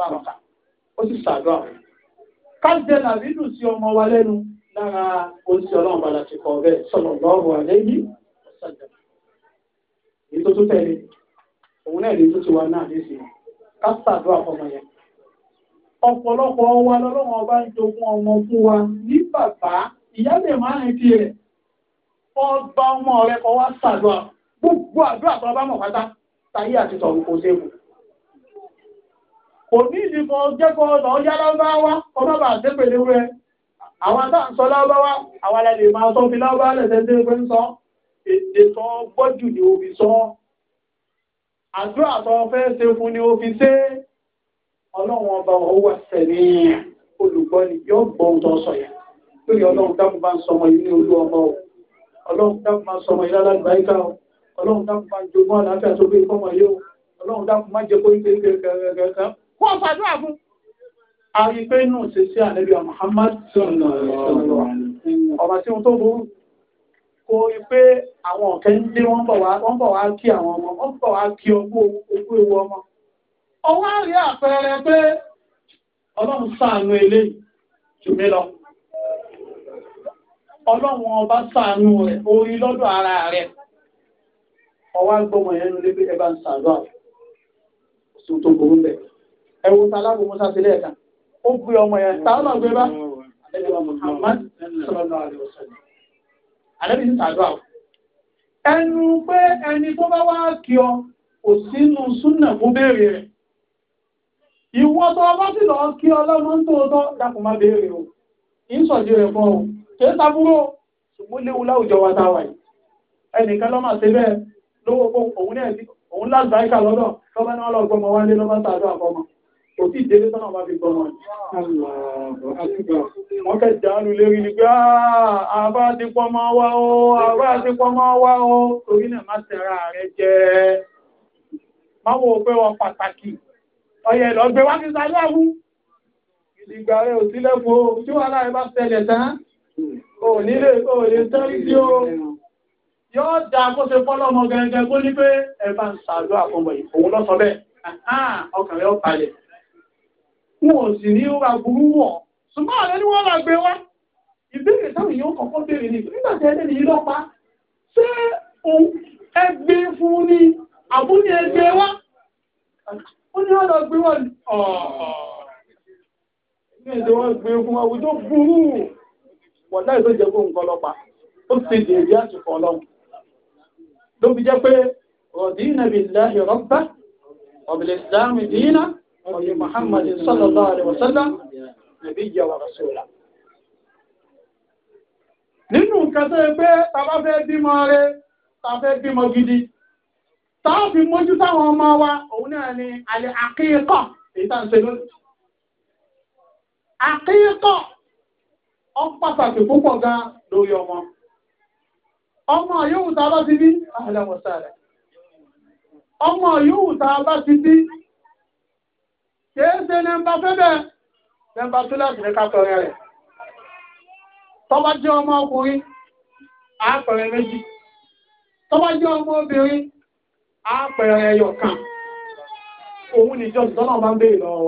bá wọn kà ó sì ṣàdúrà wọn. káṣíṣe làbí dùn sí ọmọ wa lẹ́nu lára oṣù ọlọ́run padà ti kọ̀ bẹ́ẹ̀ sọ̀rọ̀ lọ́rùn àlẹ́yìn ọ̀sàjà. èyí tó tún tẹ̀lé òun náà lè tó ti wá náà nísìnyí ká ṣàdúrà fọmọ yẹn. ọ̀pọ̀lọpọ̀ wa lọ́lọ́run ọba ń jogún ọmọ fún wa ní bàbá ìyá lè máa rìn ọmọ rẹ̀ kọ́ wá ṣàdúrà gbogbo àdúrà tó bá mọ̀ pátá táyé àti tọ̀run kò séwu kò ní ìdìbò jẹ́kọ̀ ọ̀nà ọjá lábáwá ọmọ bà dé pèlè rẹ̀ àwọn àtàǹsọ lábáwá àwọn alẹ́ máa sọ fi lábáwá lẹ́sẹ̀ tí ó fẹ́ ń sọ èdè sọ gbọ́jù ni ó fi sọ àdúrà tó fẹ́ ṣe fún ni ó fi ṣe ọlọ́run ọba wọn wà sẹ́ni olùgbọ́ni yóò gbọ́ ohun tó sọ yẹn lórí ọlọ́run dákun bá ń sọmọ yìí ní olú ọmọ o ọlọ́run dákun bá ń sọmọ yìí lálàgbáríkà o ọlọ́run dákun bá ń jogún àlàáfíà tó gbé fọmọ yìí ọlọ́run dákun má jẹ́ kó ń pè é wọ́n ṣàdúrà fún àrí pé inú ṣe sí ànẹ́bí Muhammad ọ̀rọ̀ sí ohun tó burú kò rí pé àwọn ọ̀kẹ́ ń dé wọ́n bọ̀ wá kí àwọn ọmọ wọ́n bọ̀ wá kí ogún ewu ọmọ ọwọ́ àrí àpẹẹrẹ pé ọlọ́run ṣàánú ilé jùmí lọ ọlọ́run ọba ṣàánú rẹ̀ orí lọ́dọ̀ ara rẹ̀ ọwọ́ agbọ́mọ̀ yẹn lé pé ẹbá ń ṣàdúrà sí ohun tó burú bẹ́ẹ̀ ẹwọ tààlàbù musa sílẹ̀ ẹ̀ka ó gbé ọmọ yẹn tààlà gbé bá àlẹ́bí tààdọ́ àwọn ẹnu pé ẹni tó bá wá kí ọ kò sínú súnà mú béèrè rẹ̀ ìwọ tó ọba sì lọ kí ọlọ́run tó tọ́ dákùn má béèrè o ìsọ̀dí rẹ̀ fún ọ kì í sábúrò ṣùgbọ́n léwu láwùjọ wa tá wà yìí lọ́mà sí bẹ́ẹ̀ lówó òun láti àìkà lọ́dọ̀ lọ́bẹ́ náà lọ́gbọ́mọ wá lé lọ́bẹ́ tààdọ́ àkọ́mọ kò sí ìdílé tọ́nà bá fi gbọmọ̀ wọ́n kẹ́ jàánú lérí ni pé àbá ti pọmọ wá o àbá ti pọmọ wá o torí náà má tẹ̀ra rẹ jẹ máwo pé wọn pàtàkì ọyẹ lọ́gbẹ́ wá ti sálẹ́ àwú ìdìgbà rẹ ò sílẹ̀kùn o tí wà láì bá tẹ̀lẹ̀ tán ò nílé ò lè tẹ́rí sí o yóò dá kó ṣe fọ́lọ́mọ gẹ́gẹ́ kó ní pé ẹ bá ń ṣàdó àfọmọ yìí òun lọ́sọ bẹ́ẹ̀ ọkàn rẹ ó palẹ̀ wọn ò sì ní ra burú wọ̀ ṣùgbọ́n àlẹ́ ni wọ́n lágbé wá ìbéèrè táwọn èèyàn kọ̀ọ̀kan béèrè ni nígbà tí ẹlẹ́ni yìí lọ́pa ṣé ẹgbẹ́ fún ni àbúni ẹgbẹ́ wá ó ní wọ́n lọ gbé wọn ní ẹ̀sẹ̀ wọ́n gbé fún ọwọ́ tó burú wọ̀n láì tó jẹ́ fún nǹkan lọ́pa ó ti dèrè àsìkò ọlọ́run ló fi jẹ́ pé rọ̀dí nàbìlá ìrọ́bá ọ̀bìlẹ̀ وبمحمد صلى الله عليه وسلم نبيا ورسولا nínú nǹkan tó yẹ pé tàbá fẹ́ bímọ rẹ tàbá fẹ́ bímọ gidi táà fi mójú táwọn ọmọ wa òun náà ni àlẹ́ àkíkọ̀ èyí ọmọ yóò tá a bá ti bí ọmọ yóò tá ti bí kéèsè nẹ́mbà fẹ́bẹ̀ nẹ́mbà tó láti ní kátọrẹ rẹ̀ tọ́bá jẹ́ ọmọ ọkùnrin àápẹrẹ méjì tọ́bá jẹ́ ọmọ obìnrin àápẹrẹ ẹyọ kan òun nìjọ ìtọ́nà bá ń bèèrè lọ́wọ́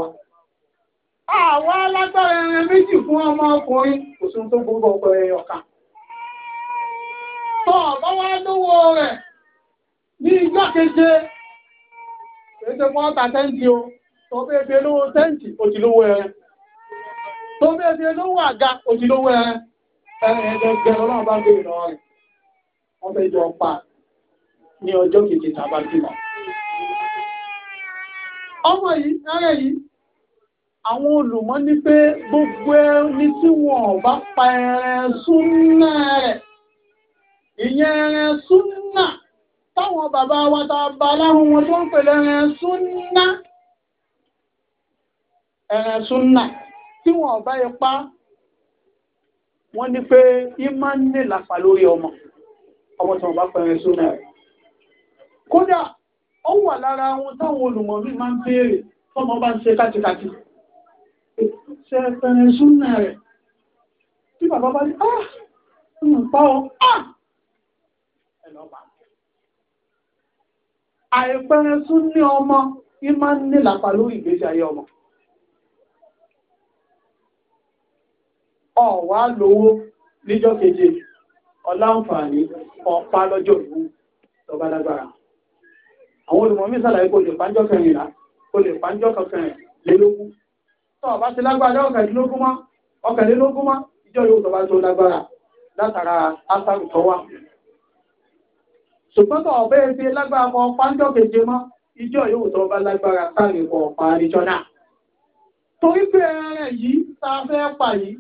wa àwọn alágbára ẹrẹ méjì fún ọmọ ọkùnrin kò sí tó gbogbo ọpẹrẹ ẹyọ kan tọ́ ọ̀bá wá lówó rẹ̀ ní ìjọ́ keje ètò mọ́ta tẹ́ǹdì o tó bẹ́ẹ̀ bẹ́ẹ̀ lówó tẹ́ǹtì òjìlówó ẹ̀rẹ́ tó bẹ́ẹ̀ bẹ́ẹ̀ lówó àga òjìlówó ẹ̀rẹ́ ẹ̀ẹ́dẹ̀gbẹ̀rẹ̀ ọlọ́run bá bèèrè rẹ̀ ọmọ yìí àwọn olùmọ̀ ní pé gbogbo ẹni tí wọn bá pa ẹran ìyẹn ẹran súnà táwọn bàbá wa ta bá láwọn wọn tó ń pè lẹ́ran súnà ẹran súnà tí wọn bá yẹ pa wọn ní pé ìmá ń lè làpà lórí ọmọ ọmọ tí wọn bá pẹrẹ súnà rẹ kódà ó wà lára ohun táwọn olùmọ̀ mi máa ń béèrè tọmọ bá ń ṣe kátikáti ṣe pẹrẹ súnà ah ń pa ah ẹ lọ bàbá àìpẹrẹ sún ní ọmọ ní máa ń nílàpá lórí ìgbésí ayé ọmọ ọ̀wá lówó níjọ́ keje ọláǹfààní ọ̀pá lọ́jọ́ ìlú lọ́ba lágbára àwọn olùmọ̀mí sàlàyé kò lè pàjọ́ kẹrìnlá kò lè pàjọ́ kẹrìnlélógún tó ọba ti lágbára ọkàlélógún mọ́ ìjọ yóò tọba tó lágbára látara asàrù tó wà ṣùgbọ́n tó ọ̀bẹ́ ti lágbára mọ́ pàjọ́ keje mọ́ ìjọ yóò tọba lágbára sáré pọ̀ pàríjọ náà torí pé ẹran yìí tá a fẹ́ pa yìí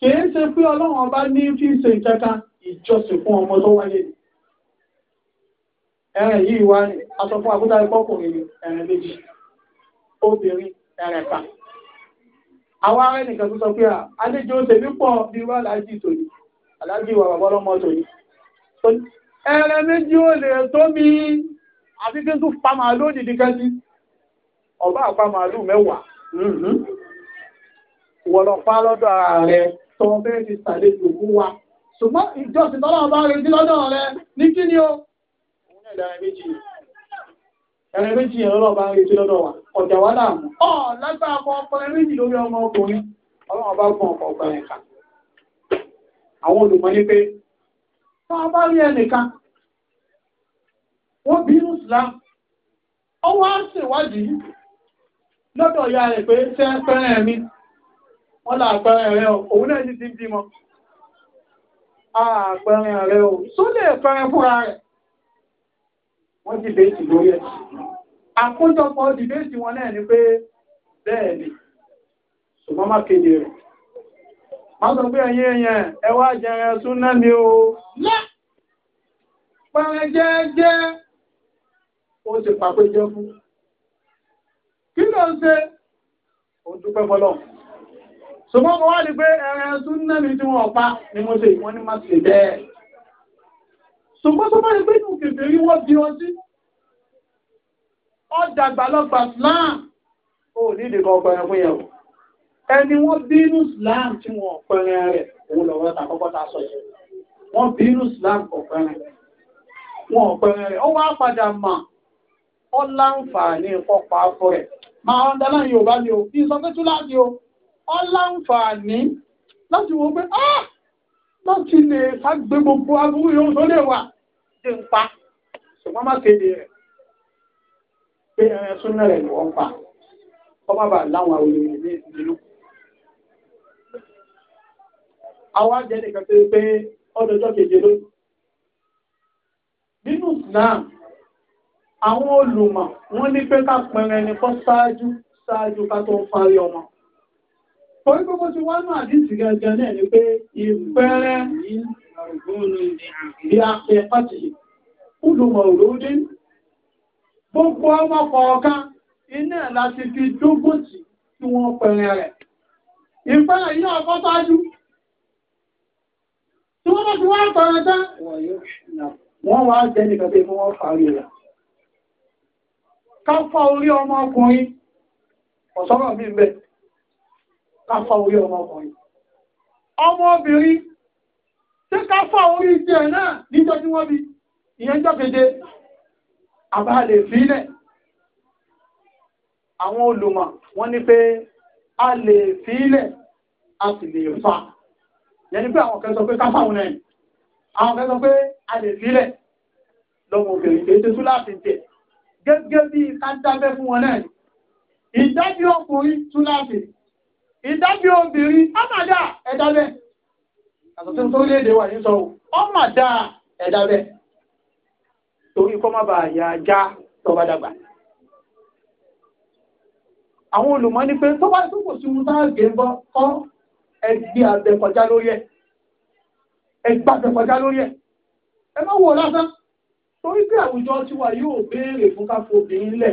kìí ṣe pé ọlọ́run ọba ní fi ṣe ìkẹta ìjọsìn fún ọmọ tó wáyé ẹ̀rẹ̀ yìí wá ní aṣọ fún àbúdá ikọ́kùnrin ẹ̀rẹ̀ méjì obìnrin ẹ̀rẹ̀ kan àwọn ará ẹnìkan tó sọ pé àlejò tèmi pọ̀ bí wá láàájì tòní aláàjì wà bàbá ọlọ́mọ tòní ẹ̀rẹ̀ méjì ó lè tó mi àti kí n tún pa màálù òdìdí kẹ́sí ọba àpá màálù mẹ́wàá wọ̀lọ̀pá lọ́dọ̀ ààrẹ tó fẹ́ fi ṣàlejò fún wa ṣùgbọ́n ìjọsìn tọ́lọ́ bá retí lọ́dọ̀ rẹ ní kí ni o òun náà dára méjì ẹ̀rẹ́ méjì ẹ̀rọ lọ́ba retí lọ́dọ̀ wa ọ̀jà wa dààmú ọ̀ lágbára ọmọ ọkùnrin méjì lórí ọmọ ọkùnrin ọlọ́run bá gbọ́n ọkọ̀ ọkùnrin kan àwọn olùmọ̀ ní pé tó a bá rí ẹnìkan wọ́n bí Islam ọwọ́ á ṣèwádìí lọ́dọ̀ ìyá rẹ̀ pé ṣe ń fẹ́ràn mi wọ́n ọ, àpẹẹrẹ òun náà ní ti ń bímọ àpẹẹrẹ rẹ̀ ò tó lè pẹrẹ fúnra rẹ̀ wọ́n ti dé ìtì lórí ẹ̀ àkójọpọ̀ dìbéètì wọn náà ni pé bẹ́ẹ̀ ni ṣùgbọ́n má kéde rẹ̀ má sọ pé ẹ̀yẹ ẹ ẹwà jẹrẹ súnná ni o pẹrẹ ó ti fún kí ló ń ṣe ó dúpẹ́ So mo wá rí pé ẹran tún náà mi tí wọ́n pa ni mo ṣe ìwọ́n ní má ṣe bẹ́ẹ̀. ṣùgbọ́n tó bá rí pé inú kèfè rí wọ́n bí wọn sí. ọjà àgbàlagbà Islam ò ní ìdè kan ọpẹrẹ fún yẹn o. ẹni wọ́n bínú Islam tí wọ́n ọpẹrẹ rẹ̀ òun lọ́wọ́ ta kọ́kọ́ ta sọ yẹn. wọ́n bínú Islam ọpẹrẹ rẹ̀. wọ́n ọpẹrẹ rẹ̀ ó wá padà mà ó láǹfààní kọ́pàá fún rẹ̀. máa ń ọláǹfààní láti wọ pé ah láti lè ságbé gbogbo aburú yóò tó lè wà ṣe ń pa ṣùgbọ́n má kéde rẹ̀ pé ẹran súnà rẹ̀ ni wọ́n pa ọmọ bàbá láwọn awuyewuye ní ìlú. àwọn àjẹ́ nìkan tó pé ọdọjọ́ keje ló nínú náà àwọn olùmọ̀ wọ́n ní pé ká pẹ̀rẹ̀ ní fọ́ ṣáájú ṣáájú ká tó ń parí ọmọ. Torí pé bó ti wá náà àdíṣì gẹ́gẹ́ náà ni pé ìpẹ́rẹ́ bí a fẹ́ pàtì olùmọ̀ òlóòdé. Gbogbo ọmọ kọ̀ọ̀kan iná láti fi dógótì tí wọ́n pẹ̀rẹ̀ rẹ̀. Ìpẹ́rẹ̀ yìí ọkọ́ tájú. Tí wọ́n bá ti wá pẹ̀rẹ̀ tán, wọ́n wá jẹ́ nìkan pé wọ́n parí rẹ̀. Ká fọ́ orí ọmọ ọkùnrin, ọ̀sọ́rọ̀ mi bẹ́ẹ̀ káfà orí ọmọkùnrin ọmọbìnrin tí káfà orí ìdí ẹ̀ náà níjọ́ tí wọ́n bí ìyẹn jọ́ kéde àbá lè fílẹ̀ àwọn olùmọ̀ wọ́n ní pé a lè fílẹ̀ a sì lè fà yẹni pé àwọn kẹsọ pé káfà òun náà àwọn kẹsọ pé a lè fílẹ̀ lọ́mọbìnrin tí ètò túláàsì tẹ̀ gẹ́gẹ́ bí káńtàbẹ́ fún wọn náà ìdájọ́ ọkùnrin túláàsì ìdájọ́ obìnrin ọmọdá ẹ̀dábẹ́ àtọ̀tí tó léde wà ní sọ ọmọdá ẹ̀dábẹ́ torí kọ́ má bàa yà já tọba dàgbà àwọn olùmọ̀ ní pé tó bá tó kò sí mú táàgé kọ́ ẹgbẹ́ abẹ lórí ẹgbà lórí ẹ wò lásán torí pé àwùjọ tiwa yóò béèrè fún káfọ obìnrin lẹ̀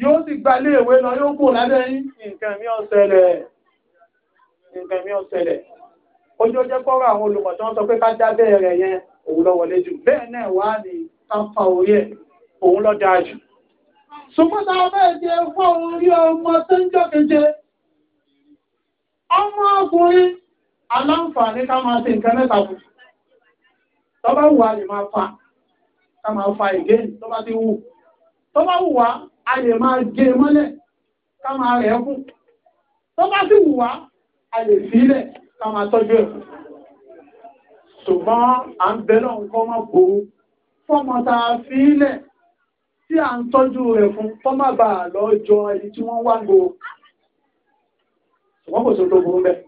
yóò sì gba ilé ìwé lọ yóò kò lábẹ́ yín nǹkan mi ọ̀sẹ̀lẹ̀ nǹkan mi ọ̀sẹ̀lẹ̀ ojú ó jẹ́ kọ́rọ̀ àwọn olùmọ̀ tí wọ́n sọ pé ká dábẹ́ rẹ̀ yẹn òun lọ wọlé jù bẹ́ẹ̀ náà wá ní káfà orí ẹ̀ òun lọ dáa jù ṣùgbọ́n tá a bẹ́ẹ̀ jẹ fọ́ orí ọmọ tó ń jọ keje ọmọ ọkùnrin aláǹfààní ká máa ṣe nǹkan mẹ́ta fún tọ́bá wù á lè máa fa ká máa fa ìgéyìn tó bá ti wù tó bá wù a lè máa gé e mọ́lẹ̀ ká máa rẹ̀ kù tó bá sì wù a lè sílẹ̀ ká máa tọ́jú ẹ̀ ṣùgbọ́n à ń bẹ lọ́n kọ́ máa gbòó fọ́mọ tá fílẹ̀ tí à ń tọ́jú rẹ̀ fún tó má bàa lọ́jọ́ ẹni tí wọ́n wá gbòó ṣùgbọ́n kò sóto burú bẹ́ẹ̀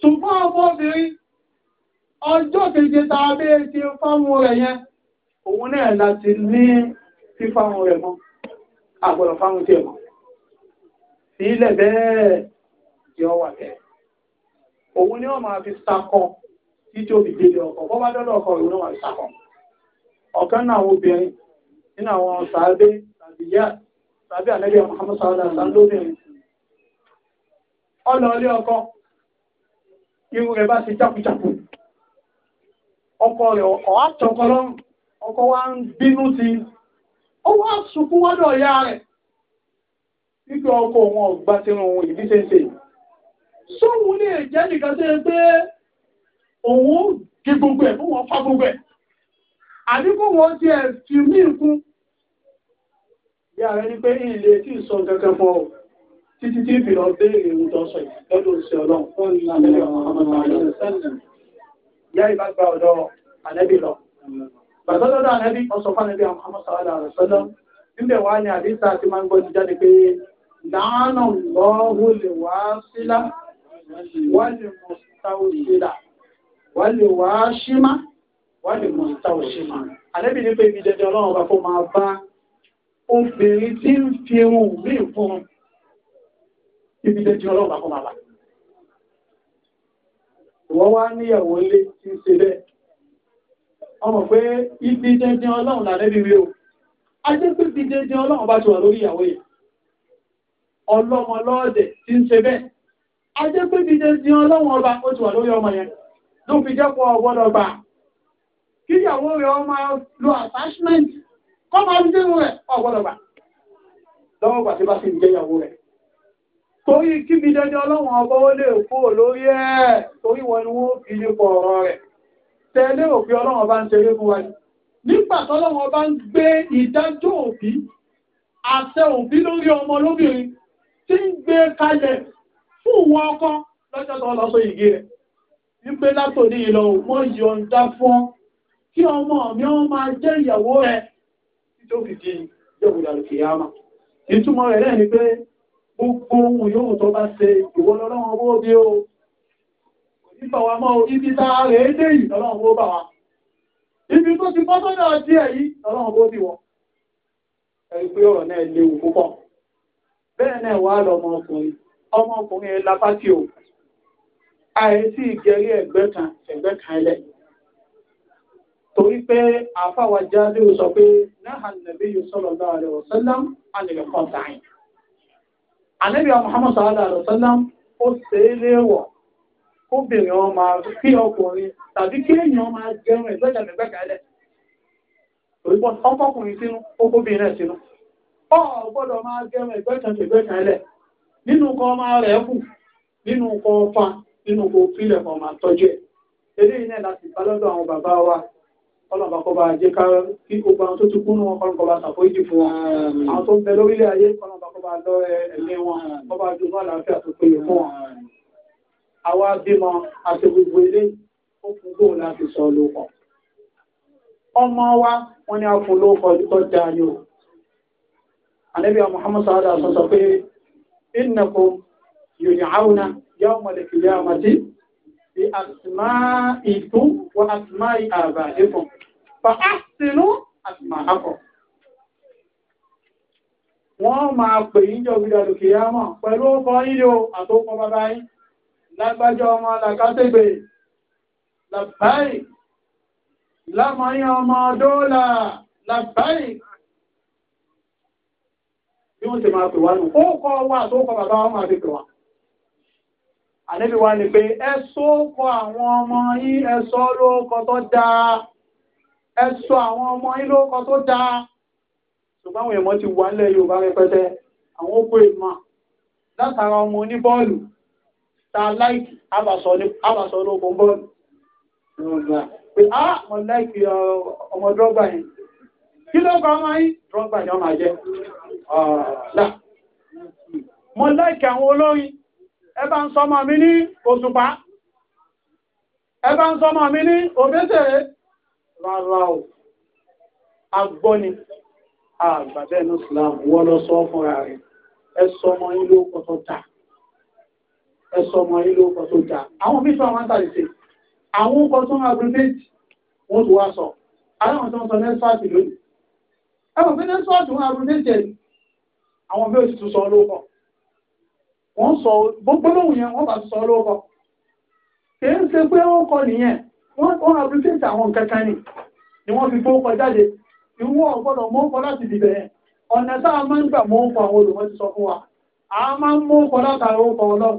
ṣùgbọ́n ọmọbìnrin ọjọ́ keje tá a bẹ́ẹ̀ ti fáwọn rẹ̀ yẹn òun náà láti ní tí fáwọn rẹ̀ mọ́ àgbọ̀dọ̀ fáwọn tí ẹ mọ́ sí ilẹ̀ bẹ́ẹ̀ tí ó wà bẹ́ẹ̀ òun ni máa fi sakọ títí ó fi gbélé ọkọ̀ bọ́ bá dọ́dọ̀ ọkọ̀ ìwọ̀n máa fi ọ̀kan náà àwọn obìnrin nínú àwọn sàábé tàbíyà irú rẹ̀ bá ti ọkọ̀ rẹ̀ lọ́rùn ọkọ̀ wa ń ó wá sunkún wọ́dọ̀ ya rẹ̀ nígbà ọkọ̀ wọn ọgbà tí wọn ìbí ṣe ṣe sóhun lè jẹ́ nìkan tí ó pé òun gí gbogbo ẹ̀ fún wọn fá gbogbo ẹ̀ àdínkù wọn ti ẹ̀ fi mí kún ya rẹ̀ ní pé ilé tí ìsọ kankan fọ́ títí tí ìbìlọ béèrè ohun tó sọ lọ́dọ̀ sí ọlọ́run fún ìlànà ọmọ ọmọ ọmọ ọmọ Bàtọ́lọ́dọ̀ àrẹ́bí ọ̀sọ̀fánà bí àwọn ọmọ sàádà rẹ̀ sọ́dọ̀. Níbẹ̀ wá ní àdísà ti máa ń gbọ́ jáde pé láàánà lọ́wọ́ lè wá sílá, wà lè mọ̀ sáwọ́ sílá, wà lè wá ṣímá, wà lè mọ̀ sáwọ́ ṣímá. Àrẹ́bí ní pé ibi jẹjẹ ọlọ́run bá fún máa bá obìnrin tí ń fi ohun mí fún ibi jẹjẹ ọlọ́run bá fún máa bá. Wọ́n wá níyàwó lé ti ṣe bẹ́ẹ̀ ọmọ pé ibi jẹjẹ ọlọ́run lànẹ́bí rí o a jẹ́ pé ibi jẹjẹ ọlọ́run bá ti wà lórí ìyàwó yìí ọlọ́mọ lọ́ọ̀dẹ̀ tí ń ṣe bẹ́ẹ̀ a jẹ́ pé ibi jẹjẹ ọlọ́run ọba ó ti wà lórí ọmọ yẹn ló fi jẹ́ pọ̀ ọgbọ́dọ̀ gbà kí ìyàwó rẹ̀ ọmọ lo attachment kọ́ máa ń dínú rẹ̀ ọgbọ́dọ̀ gbà lọ́wọ́ gbà tí bá sì ń jẹ́ ìyàwó rẹ̀ torí kí ibi jẹjẹ ọlọ́run ọba ó lè kó lórí ẹ̀ torí wọn ni wọ́n fi lè pọ̀ ọ̀rọ̀ rẹ̀ tẹ̀lé òfin ọlọ́run bá ń ṣeré fún wa nígbà tọ́lọ́run bá ń gbé ìdájọ́ òfin àṣẹ òfin lórí ọmọ lóbìnrin tí ń gbé kalẹ̀ fún wọn ọkọ lọ́jọ́ tó lọ sọ ìgé rẹ̀ wípé látòní ìlọ mọ́ yọ̀ǹda fún kí ọmọ mi ó máa jẹ́ ìyàwó rẹ̀ tó fi di jẹ́gbùdà kìyàmà ìtumọ̀ rẹ̀ rẹ̀ ni pé gbogbo ohun yóò tó bá ṣe ìwọ́lọ́lọ́wọ́ bó bí ó ìbàwà mọ́ ibi tá a rẹ̀ dé yìí ọlọ́run bó bà wá ibi tó ti bọ́ sọ́dọ̀ ọtí ẹ̀ yìí ọlọ́run bó bì wọ́n ẹ̀rí pé ọ̀rọ̀ náà léwu púpọ̀ bẹ́ẹ̀ náà wà lọ́mọkùnrin ọmọkùnrin ẹ̀ lápákí o àìsí ìgẹ̀rí ẹ̀gbẹ́ kan ẹ̀gbẹ́ kan ẹlẹ́ torí pé àfáwà jáde o sọ pé náà nàbí yóò sọ̀rọ̀ láàrẹ̀ ọ̀sẹ́lám ànìyàn kan tààyàn ànẹ́bíà Muhammad sallallahu alaihi wasallam ó ṣe é léwọ̀ obìnrin ọmọ kí ọkùnrin tàbí kí èèyàn máa jẹun ẹ̀gbẹ́gbẹ̀gbẹ̀gbẹ̀lẹ̀ orípọ̀ ọkọ̀kùnrin sínú ẹ̀ sínú ọ máa jẹun ẹ̀gbẹ́gbẹ̀gbẹ̀lẹ̀ nínú kan rẹ̀ kù nínú kan fa nínú kò fílẹ̀ kan máa tọ́jú ẹ̀ bá tó fún wọn àwọn tó ń bẹ lórílẹ̀ ayé ọlọ́pàá ẹ̀mí wọn jù mọ́ àwa bímọ àti gbogbo ilé ó fún kó láti sọ lóko ọmọ wa wọn ni a fún lóko tó dáa ni o ànábì Muhammad sáadà sọ sọ pé innakum yun'auna yawma al-qiyamati bi asma'ikum wa asma'i abaikum fa ahsinu asma'akum wọ́n máa pè yíjọ gbídàlùkì yá mọ̀ pẹ̀lú ọkọ̀ yíyọ àtókọ bàbá yìí lágbájá ọmọ làkátẹ́gbè làbáyì lámọ́yìn ọmọ dóòlà làbáyì bí wọ́n ti máa pè wá nù ó kọ́ wà tó kọ bàbá ọmọ àti pè wá àníbi wá ní pé ẹsọ́ kọ àwọn ọmọ yìí ẹsọ́ lóókọ tó dáa ẹsọ́ ṣùgbọ́n àwọn ti wà nílẹ̀ Yorùbá rẹpẹtẹ àwọn ó pè mà látara ọmọ oníbọ́ọ̀lù ta láìkì àbàsọ̀ ológun bọ́ọ̀lù rọ̀gbà pé á mọ̀ láìkì ọmọ drọ́gbà yìí kí ló kọ́ ọmọ yìí drọ́gbà yọ máa jẹ́ ọ̀lá mọ̀ láìkì àwọn olórin ẹbá ń sọmọ mi ní òṣùpá ẹbá ń sọmọ mi ní òbẹ́sẹ̀rẹ́ rárá o agbọ́ni àgbàbẹ́nu islam wọ́n lọ fún ara rẹ̀ ẹ sọmọ yìí ló kọ́ ẹ̀sọ́ ọmọ ilé ọkọ tó dá àwọn mí sọ àwọn àtàrí sí àwọn ọkọ tó máa gbé méjì wọn tó wá sọ aláwọn tó ń sọ nẹ́sọ́ọ̀tì lónìí ẹ̀wọ̀n pé nẹ́sọ́ọ̀tì wọn àrùn méjì ẹ̀ àwọn bí ó sì tún sọ lóko wọ́n sọ gbólóhùn yẹn wọ́n bá sọ lóko kì í ṣe pé ó kọ nìyẹn wọ́n àbúrúfẹ́tì àwọn kankan ni ni wọ́n fi gbóòkọ jáde ìwọ́ ọ̀gbọ́dọ̀ mọ́ọ̀kọ́ láti dìbẹ̀ ọ̀nà táà máa ń gbà mọ́ọ̀kọ́ àwọn olùmọ́ ti sọ fún wa a máa ń látàrí ó kọ ọlọ́run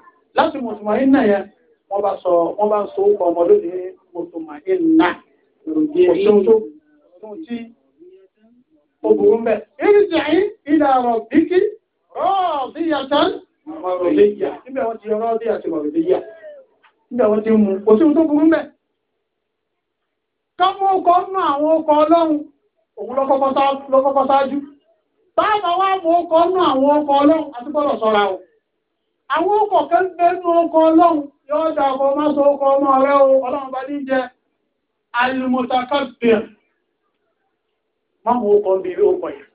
láti mùsùlùmí náà yẹn wọ́n bá sọ wọ́n bá ń so ọkọ̀ ọmọdé ní mùsùlùmí náà òṣòṣò fún tí ó burú mẹ́. ìrìnsẹ̀ yìí ìlà ọ̀rọ̀ bíkí rọ́ọ̀díyà tán mọ̀rọ̀díyà níbẹ̀ wọ́n ti rọ́ọ̀díyà ti mọ̀rọ̀díyà níbẹ̀ wọ́n ti mú kò sí tó burú mẹ́. kámú ọkọ̀ nù àwọn ọkọ̀ ọlọ́run òun lọ́kọ́kọ́ ṣáájú. táwọn wá mú ọkọ̀ nù àwọn ọkọ̀ ọlọ́run àti àwọn ọkọ̀ kẹ́gbẹ́ ní ọkọ̀ ọlọ́run yóò dàbọ̀ má sọ ọkọ̀ ọmọ rẹ̀ o ọlọ́run bá ní jẹ́ alimutakabbir má mú ọkọ̀ bí ilé ọkọ̀ yẹn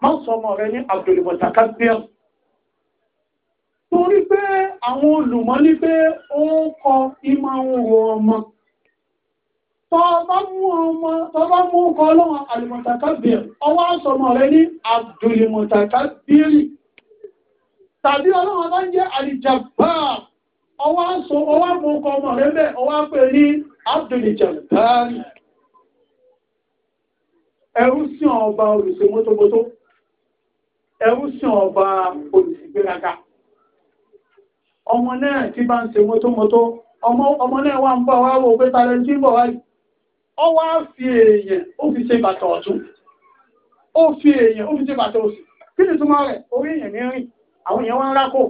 má sọ ọmọ rẹ̀ ní abdulmutakabbir torí pé àwọn olùmọ̀ ní pé ọwọ́ sọmọ rẹ̀ ní abdulmutakabbiri tàbí ọlọ́run bá ń jẹ́ àlìjàbá ọwọ́ sọ ọwọ́ àpòkọ ọmọ rẹ bẹ́ẹ̀ ọwọ́ pè ní abdullijabari ẹrú sí ọba olùsè mótómótó ẹrú sí ọba olùsìgbéraga ọmọ náà tí bá ń ṣe mótómótó ọmọ náà wà ń bọ̀ wá wò pé tàbí tí ń bọ̀ wáyìí ọ wá fi èèyàn ó fi ṣe bàtà ọ̀tún ó fi èèyàn ó fi ṣe bàtà òsì kí ni túmọ̀ rẹ̀ orí èèyàn ní rìn àwọn èèyàn wọ́n rákò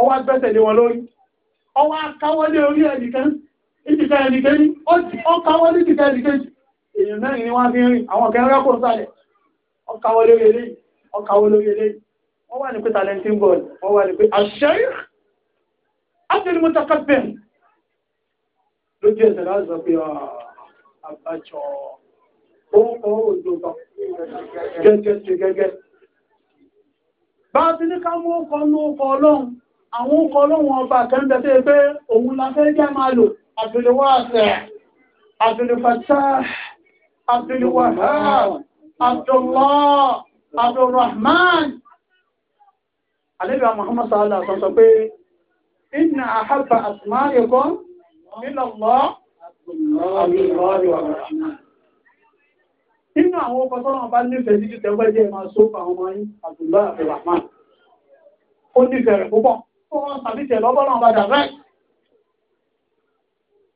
ọwọ́ agbẹ́sẹ̀ lé wọn lórí ọwọ́ akáwọlé orí ẹnìkan ìdìkà ẹnìkan ní ọkáwọlé ìdìkà ẹnìkan èèyàn mẹ́rin ni wọ́n fi rìn àwọn ọ̀kẹ́ rákò sálẹ̀ ọkáwọlé orí eléyìí ọkáwọlé orí eléyìí wọ́n wà ní pé talentin ball wọ́n wà ní pé àṣẹ́yìn átìlímọ́tàkàbẹ̀ lójú ẹ̀sẹ̀ láti sọ pé àbájọ ó kọ́ òjò gẹ́gẹ́ bá ti ní ká mú ọkọ̀ ní ọkọ̀ ọlọ́run àwọn ọkọ̀ ọlọ́run ọba kẹ́ńtẹ́ tó yẹ pé òun la fẹ́ jẹ́ máa lò abdulwasẹ̀ abdulfata abdulwahab abdullah abdulrahman alẹ́bíà muhammad sallallahu alaihi wasallam pé inna ahabba asma'ikum ila Allah abdullah abdullah abdulrahman nínú àwọn ọkọ̀ tọ́lọ́ bá nífẹ̀ẹ́ sí ju tẹ́gbẹ́ jẹ́ máa só àwọn ọmọ yín àbùdá àbẹ̀ràmán ó nífẹ̀ẹ́ rẹ̀ púpọ̀ ó wọ́n tàbí tẹ̀ lọ́bọ́lọ́ bá dà bẹ́ẹ̀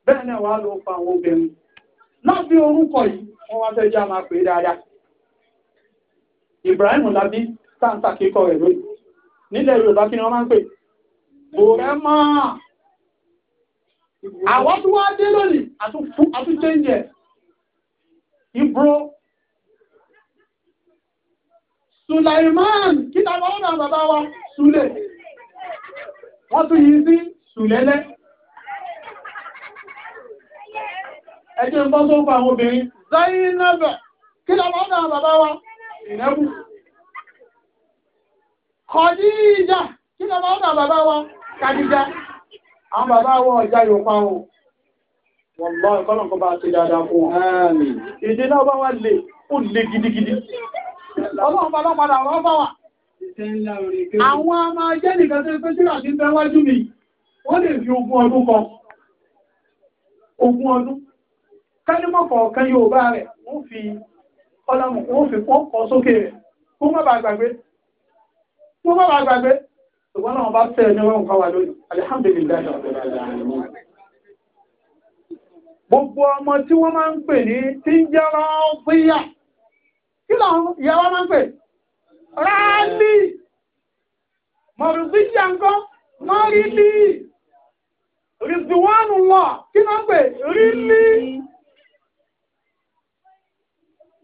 bẹ́ẹ̀ náà wà ló pa àwọn obìnrin láti orúkọ yìí wọ́n wá fẹ́ jẹ́ máa pè é dáadáa Ibrahim Labi táǹtà kíkọ rẹ̀ lóyìí nílẹ̀ Yorùbá kí ni wọ́n máa ń pè bòrẹ́ máa àwọn tó wá Sulaiman kí ta bọ́ ọ̀nà bàbá wa Sule wọ́n tún yìí sí Sulele ẹjẹ́ ń bọ́ tó ń pa àwọn obìnrin Zainab kí ta bọ́ ọ̀nà bàbá wa Ìnẹ́bù Khadija kí ta bọ́ ọ̀nà bàbá wa Kadija àwọn bàbá wa ọjà yóò pa wọn wọ́n lọ́ ìkọ́nà kọ́ bá ti dáadáa fún ààmì ìdí náà bá wà lè ó lè gidigidi ọlọ́run àwọn ọmọ ajẹ́ nìkan tó pé síra sí bẹ́ wájú mi wọ́n lè fi ogún ọdún kọ ogún ọdún kẹ́límọ̀kọ̀ kan yóò bá rẹ̀ wọ́n fi ọlọ́mù wọ́n fi pọ́ sókè rẹ̀ kó má bàa gbàgbé kó má bàa gbàgbé ṣùgbọ́n náà bá tẹ̀ ní wọ́n kí lọ ìyá wa máa ń pè ráálì mọ̀rùbí jàǹkọ́ mọ́rílì rìdìwọ́nù lọ kí lọ pè rílì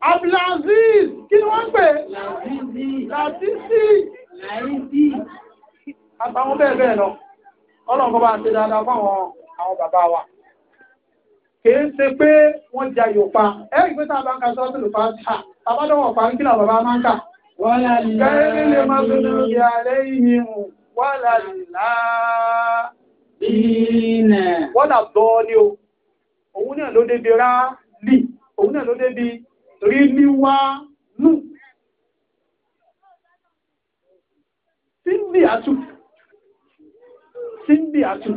abdulaziz kí ni wọ́n pè làtísì àtàwọn bẹ́ẹ̀ bẹ́ẹ̀ lọ ọlọ́run bá ń ṣe dáadáa fáwọn àwọn bàbá wa kìí ṣe pé wọ́n jẹ yòpa ẹ̀rí pé sábà ń ka sọ́ọ́ sílùú fàáṣà àbádọ́wọ̀ parí kí làbàbá máa ń kà. kẹ́rin lè máa tún lè ààrẹ yìí hù wàhálà nìlá. wọ́n là bọ́ ni o òun náà ló débi rá lì òun náà ló débi rí ní wá nù. síndì àtú síndì àtú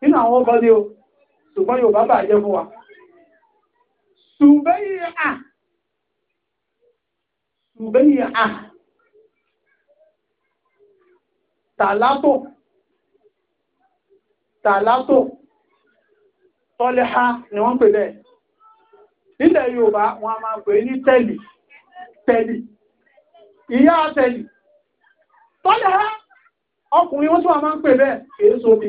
nínú àwọn ọkọ̀ ni o ṣùgbọ́n yóò bá bàjẹ́ fún wa ṣùgbẹ́yà ṣùgbẹ́yà tàlátò tàlátò tọ́lẹ́há ni wọ́n pè bẹ́ẹ̀ nílẹ̀ Yorùbá wọn a máa pè ní tẹ́lì tẹ́lì ìyá tẹ́lì tọ́lẹ́há ọkùnrin wọ́n tún wọ́n máa ń pè bẹ́ẹ̀ èé sóbi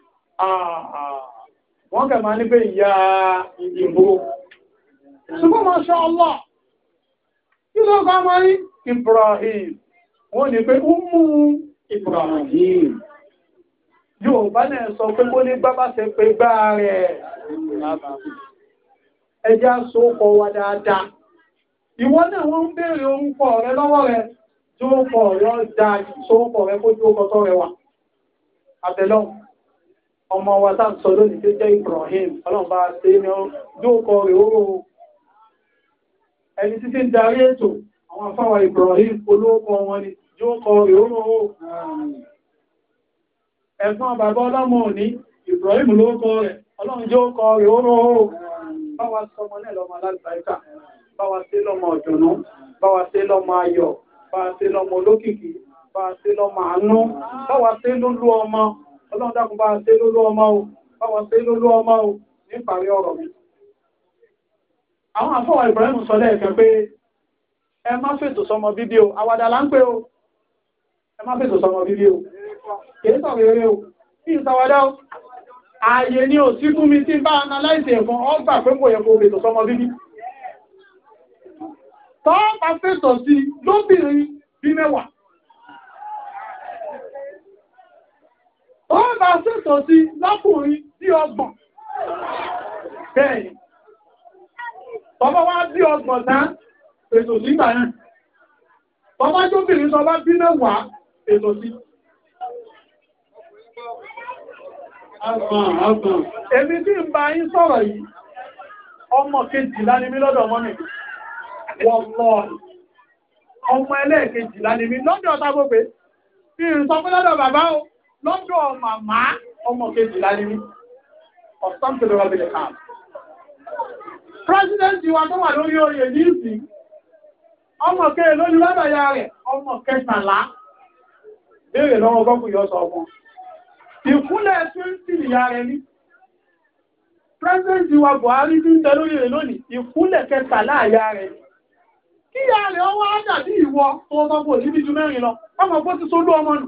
Ah, ah. wọ́n kẹ̀ máa ní pé ìyá ìbò ṣùgbọ́n ma ṣọ́ ọlọ́ kí ló máa rí Ibrahim wọ́n ní pé ó mú Ibrahim yóò bá náà sọ pé kó ní gbábá ṣe pé gbá rẹ̀ ẹjá sókọ wa dáadáa ìwọ náà wọ́n ń béèrè orúkọ rẹ lọ́wọ́ rẹ tí ó kọ̀ rẹ dáa sókọ rẹ kó tí ó kọ ọmọ wa tá ń sọ lónìí tó jẹ́ Ibrahim ọlọ́mbà ṣe ní dókọ rẹ̀ oró ẹni títí ń darí ètò àwọn afáwà Ibrahim olóòkọ wọn ni dókọ rẹ̀ oró ẹ̀gbọ́n bàbá ọlọ́mọ òní Ibrahim lóòkọ rẹ̀ ọlọ́run jẹ́ ókọ rẹ̀ oró báwa sọmọ náà lọ́mọ alágbàíkà báwa sí lọ́mọ ọ̀dùnnú báwa sí lọ́mọ ayọ̀ báwa sí lọ́mọ olókìkí báwa sí lọ́mọ àánú báwa sí lólú ọmọ ọlọ́run o báwọn o ní ìparí ọ̀rọ̀ mi àwọn àfọwà Ibrahim sọ lẹ́ẹ̀kan pé ẹ má fètò sọmọ bíbí o àwàdà là ń pè o ẹ má fètò sọmọ bíbí o kìí sọ̀rọ̀ o kí n sàwádà o ààyè ni ò sí fún mi tí bá analyze ẹ̀fọn ọgbà pé kò yẹ ó bá ṣètò sí lọ́kùnrin sí ọgbọ̀n bẹ́ẹ̀ bàbá wá bí ọgbọ̀n tán ètò sí ìgbà náà bàbá jóbìnrin sọ bá bí mẹ́wàá ètò sí Èmi tí ń bá yín sọ̀rọ̀ yìí, ọmọ kejìlá ni mí lọ́dọ̀ ọmọ mi, wọ́n lọ ọmọ ẹlẹ́ẹ̀kejìlá ni mí lọ́dọ̀ ọ̀tá gbogbo, bí ìrìnsọ pé lọ́dọ̀ bàbá o, lọ́dọ̀ màmá ọmọ kejì lálẹ́rí of something over the camp. President wa tó wà lórí oyè ní ìsìn, ọmọ kẹrẹ lórí lábàáyá rẹ̀, ọmọ kẹtàlá, béèrè lọ́wọ́ gọ́kùn yọ sọ ọmọ. Ìkúnlẹ̀ 20 ìyá rẹ̀ ní. President wa Buhari ti ń tẹ lórí rẹ̀ lónìí, ìkúnlẹ̀ kẹtàlá ìyá rẹ̀ ní. Kí ìyá rẹ̀ ọwọ́ á dàbí ìwọ tó ọmọ kò níbi ju mẹ́rin lọ, ọmọ kó ti sólú ọmọ nù.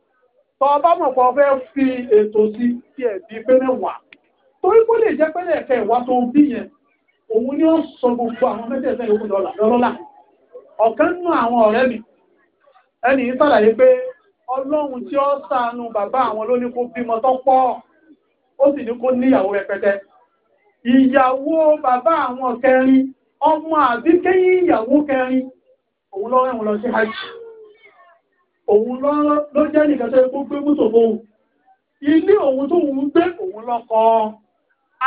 tọ́ ọba mọ̀ pọ̀ fẹ́ fi ètò sí ti ẹ̀bí pẹ́rẹ́ wà torí kó lè jẹ́ pẹ́rẹ́ ẹ̀kẹ́ ìwà tó ń bí yẹn òun ni ó sọ gbogbo àwọn mẹ́tẹ̀ẹ̀sẹ̀ yòókù lọ́lọ́lá ọ̀kan nínú àwọn ọ̀rẹ́ mi ẹni yìí sàlàyé pé ọlọ́run tí ó sàánú bàbá àwọn ló ní kó bímọ tó pọ̀ ó sì ní kó níyàwó rẹpẹtẹ ìyàwó bàbá àwọn kẹrin ọmọ àbíkẹ́yìn ìyàwó kẹrin òun lọ́rẹ́ òun lọ sí hajj òun ló jẹ́ nìkan tó ẹkú gbé mú tòbó ilé òun tó òun gbé òun lọ́kọ́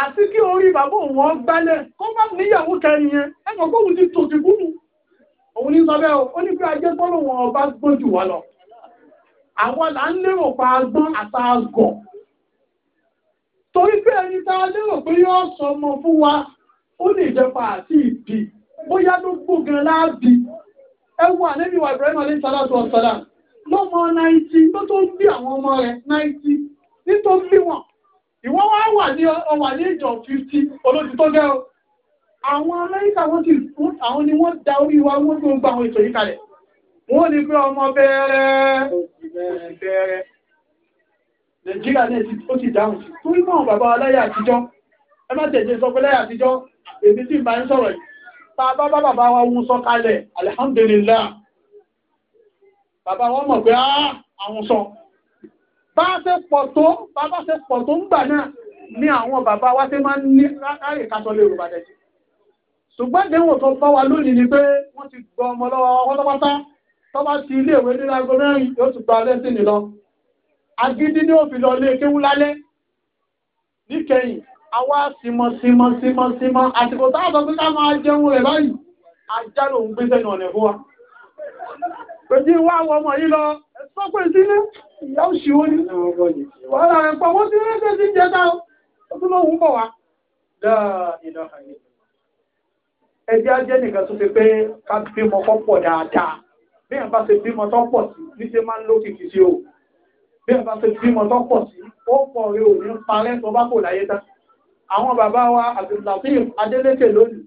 àti kí orí bàbá òun ọ gbálẹ̀ kó bá níyàwó kẹrin yẹn ẹgbẹ́ òun ti tòkì kúrú òun ní sọ bẹ́ẹ̀ ó ní pé ajé tọ́lọ̀ wọn ọba gbójú wa lọ àwọn là ń lérò pa agbọ́n àtàgọ̀ torí pé ẹni tá a lérò pé yóò sọ ọmọ fún wa ó lè jẹpa àti ìbí bóyá ló gbógan láàbí ẹ wo ànẹ́bí wa Ibrahim alayhi salatu wa salam lọ́mọ 90 ló tó ń bí àwọn ọmọ rẹ̀ 90 nítorí bí wọn ìwọ wá wà ní ọwà ní ìjọ 50 olóòtú tó gẹ́ o àwọn amẹ́ríkà wọ́n ti fún àwọn ni wọ́n da orí wa wọ́n tó ń gba àwọn ètò yìí kalẹ̀ wọ́n ní pé ọmọ bẹ̀rẹ̀ bẹ̀rẹ̀ nàìjíríà náà ó ti dáhùn sí torí mọ́ bàbá aláyà àtijọ́ ẹ má tẹ̀jẹ́ sọ bàbá wọn mọ̀ pé ah, àwọn sọ bá ṣe pọ̀ tó bàbá ṣe pọ̀ tó ń gbà náà ní àwọn bàbá wá tí máa ń ní ráyè kátọ́ lè rò bàdẹ̀ sí ṣùgbọ́n ìdẹ́wọ̀n tó fọ́ wa lónìí ni pé wọ́n ti gbọ́ ọmọ lọ́wọ́ pátápátá tó bá ti ilé ìwé ní lágọ́ mẹ́rin yóò ti gba lẹ́sìn nìlọ agídí ní òfin lọ lé kéwú lálẹ́ níkẹyìn àwa símọ símọ símọ símọ àsìkò Òjí wá wọ ọmọ yìí lọ, sọ́pẹ́ sílé, ìyá òṣì ó Wọ́n rà ẹ̀pọ̀ wọ́n sí rẹ́sẹ̀ sí jẹta ó, ó tún lóhun bọ̀ wá. Ẹjẹ́ Àwọn bàbá wa Abdullahi Adélékè lónìí,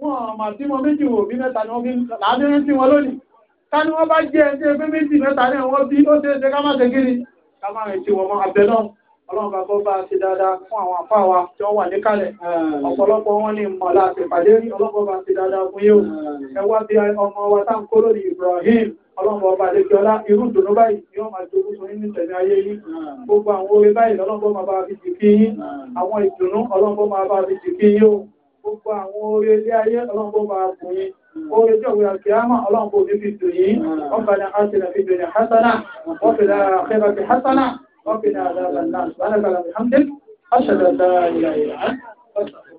wọ́n àmà bímọ méjì wò bí mẹ́ta ni wọ́n bí láàdérín sí wọn lónìí ta ni wọ́n bá jẹ́ ẹgbẹ́ ẹgbẹ́ méjì mẹ́ta ní àwọn bí ó ṣeéṣe ká má ṣe kiri tí wọ́n mọ́ abẹ náà ọlọ́run kọ́ bá ṣe dáadáa fún àwọn àpá wa tí wọ́n wà níkàlẹ̀ ọ̀pọ̀lọpọ̀ wọn ní mọ̀ láti pàdé rí ọlọ́run bá ṣe dáadáa fún yóò ẹ bí ọmọ wa tá ń kó lórí Ibrahim ọlọ́run ọba àdékẹ́ ọlá irú ìdùnnú báyìí ni wọ́n máa jogún fún nínú ìtẹ̀mí ayé yìí gbogbo àwọn oore báyìí lọ́lọ́gbọ́n máa bá fi jì kí yín àwọn ìdùnnú ọlọ́gbọ́n máa bá fi jì kí yín gbogbo àwọn orí ilé ayé ọlọ́pọ̀ bá kùnrin orí tí òwe àkíyàmà ọlọ́pọ̀ òbí fi tù yìí ọkàlẹ̀ àtìlẹ̀ fi bèèrè hasana ọkàlẹ̀ àkẹ́bà fi hasana ọkàlẹ̀ àdàbà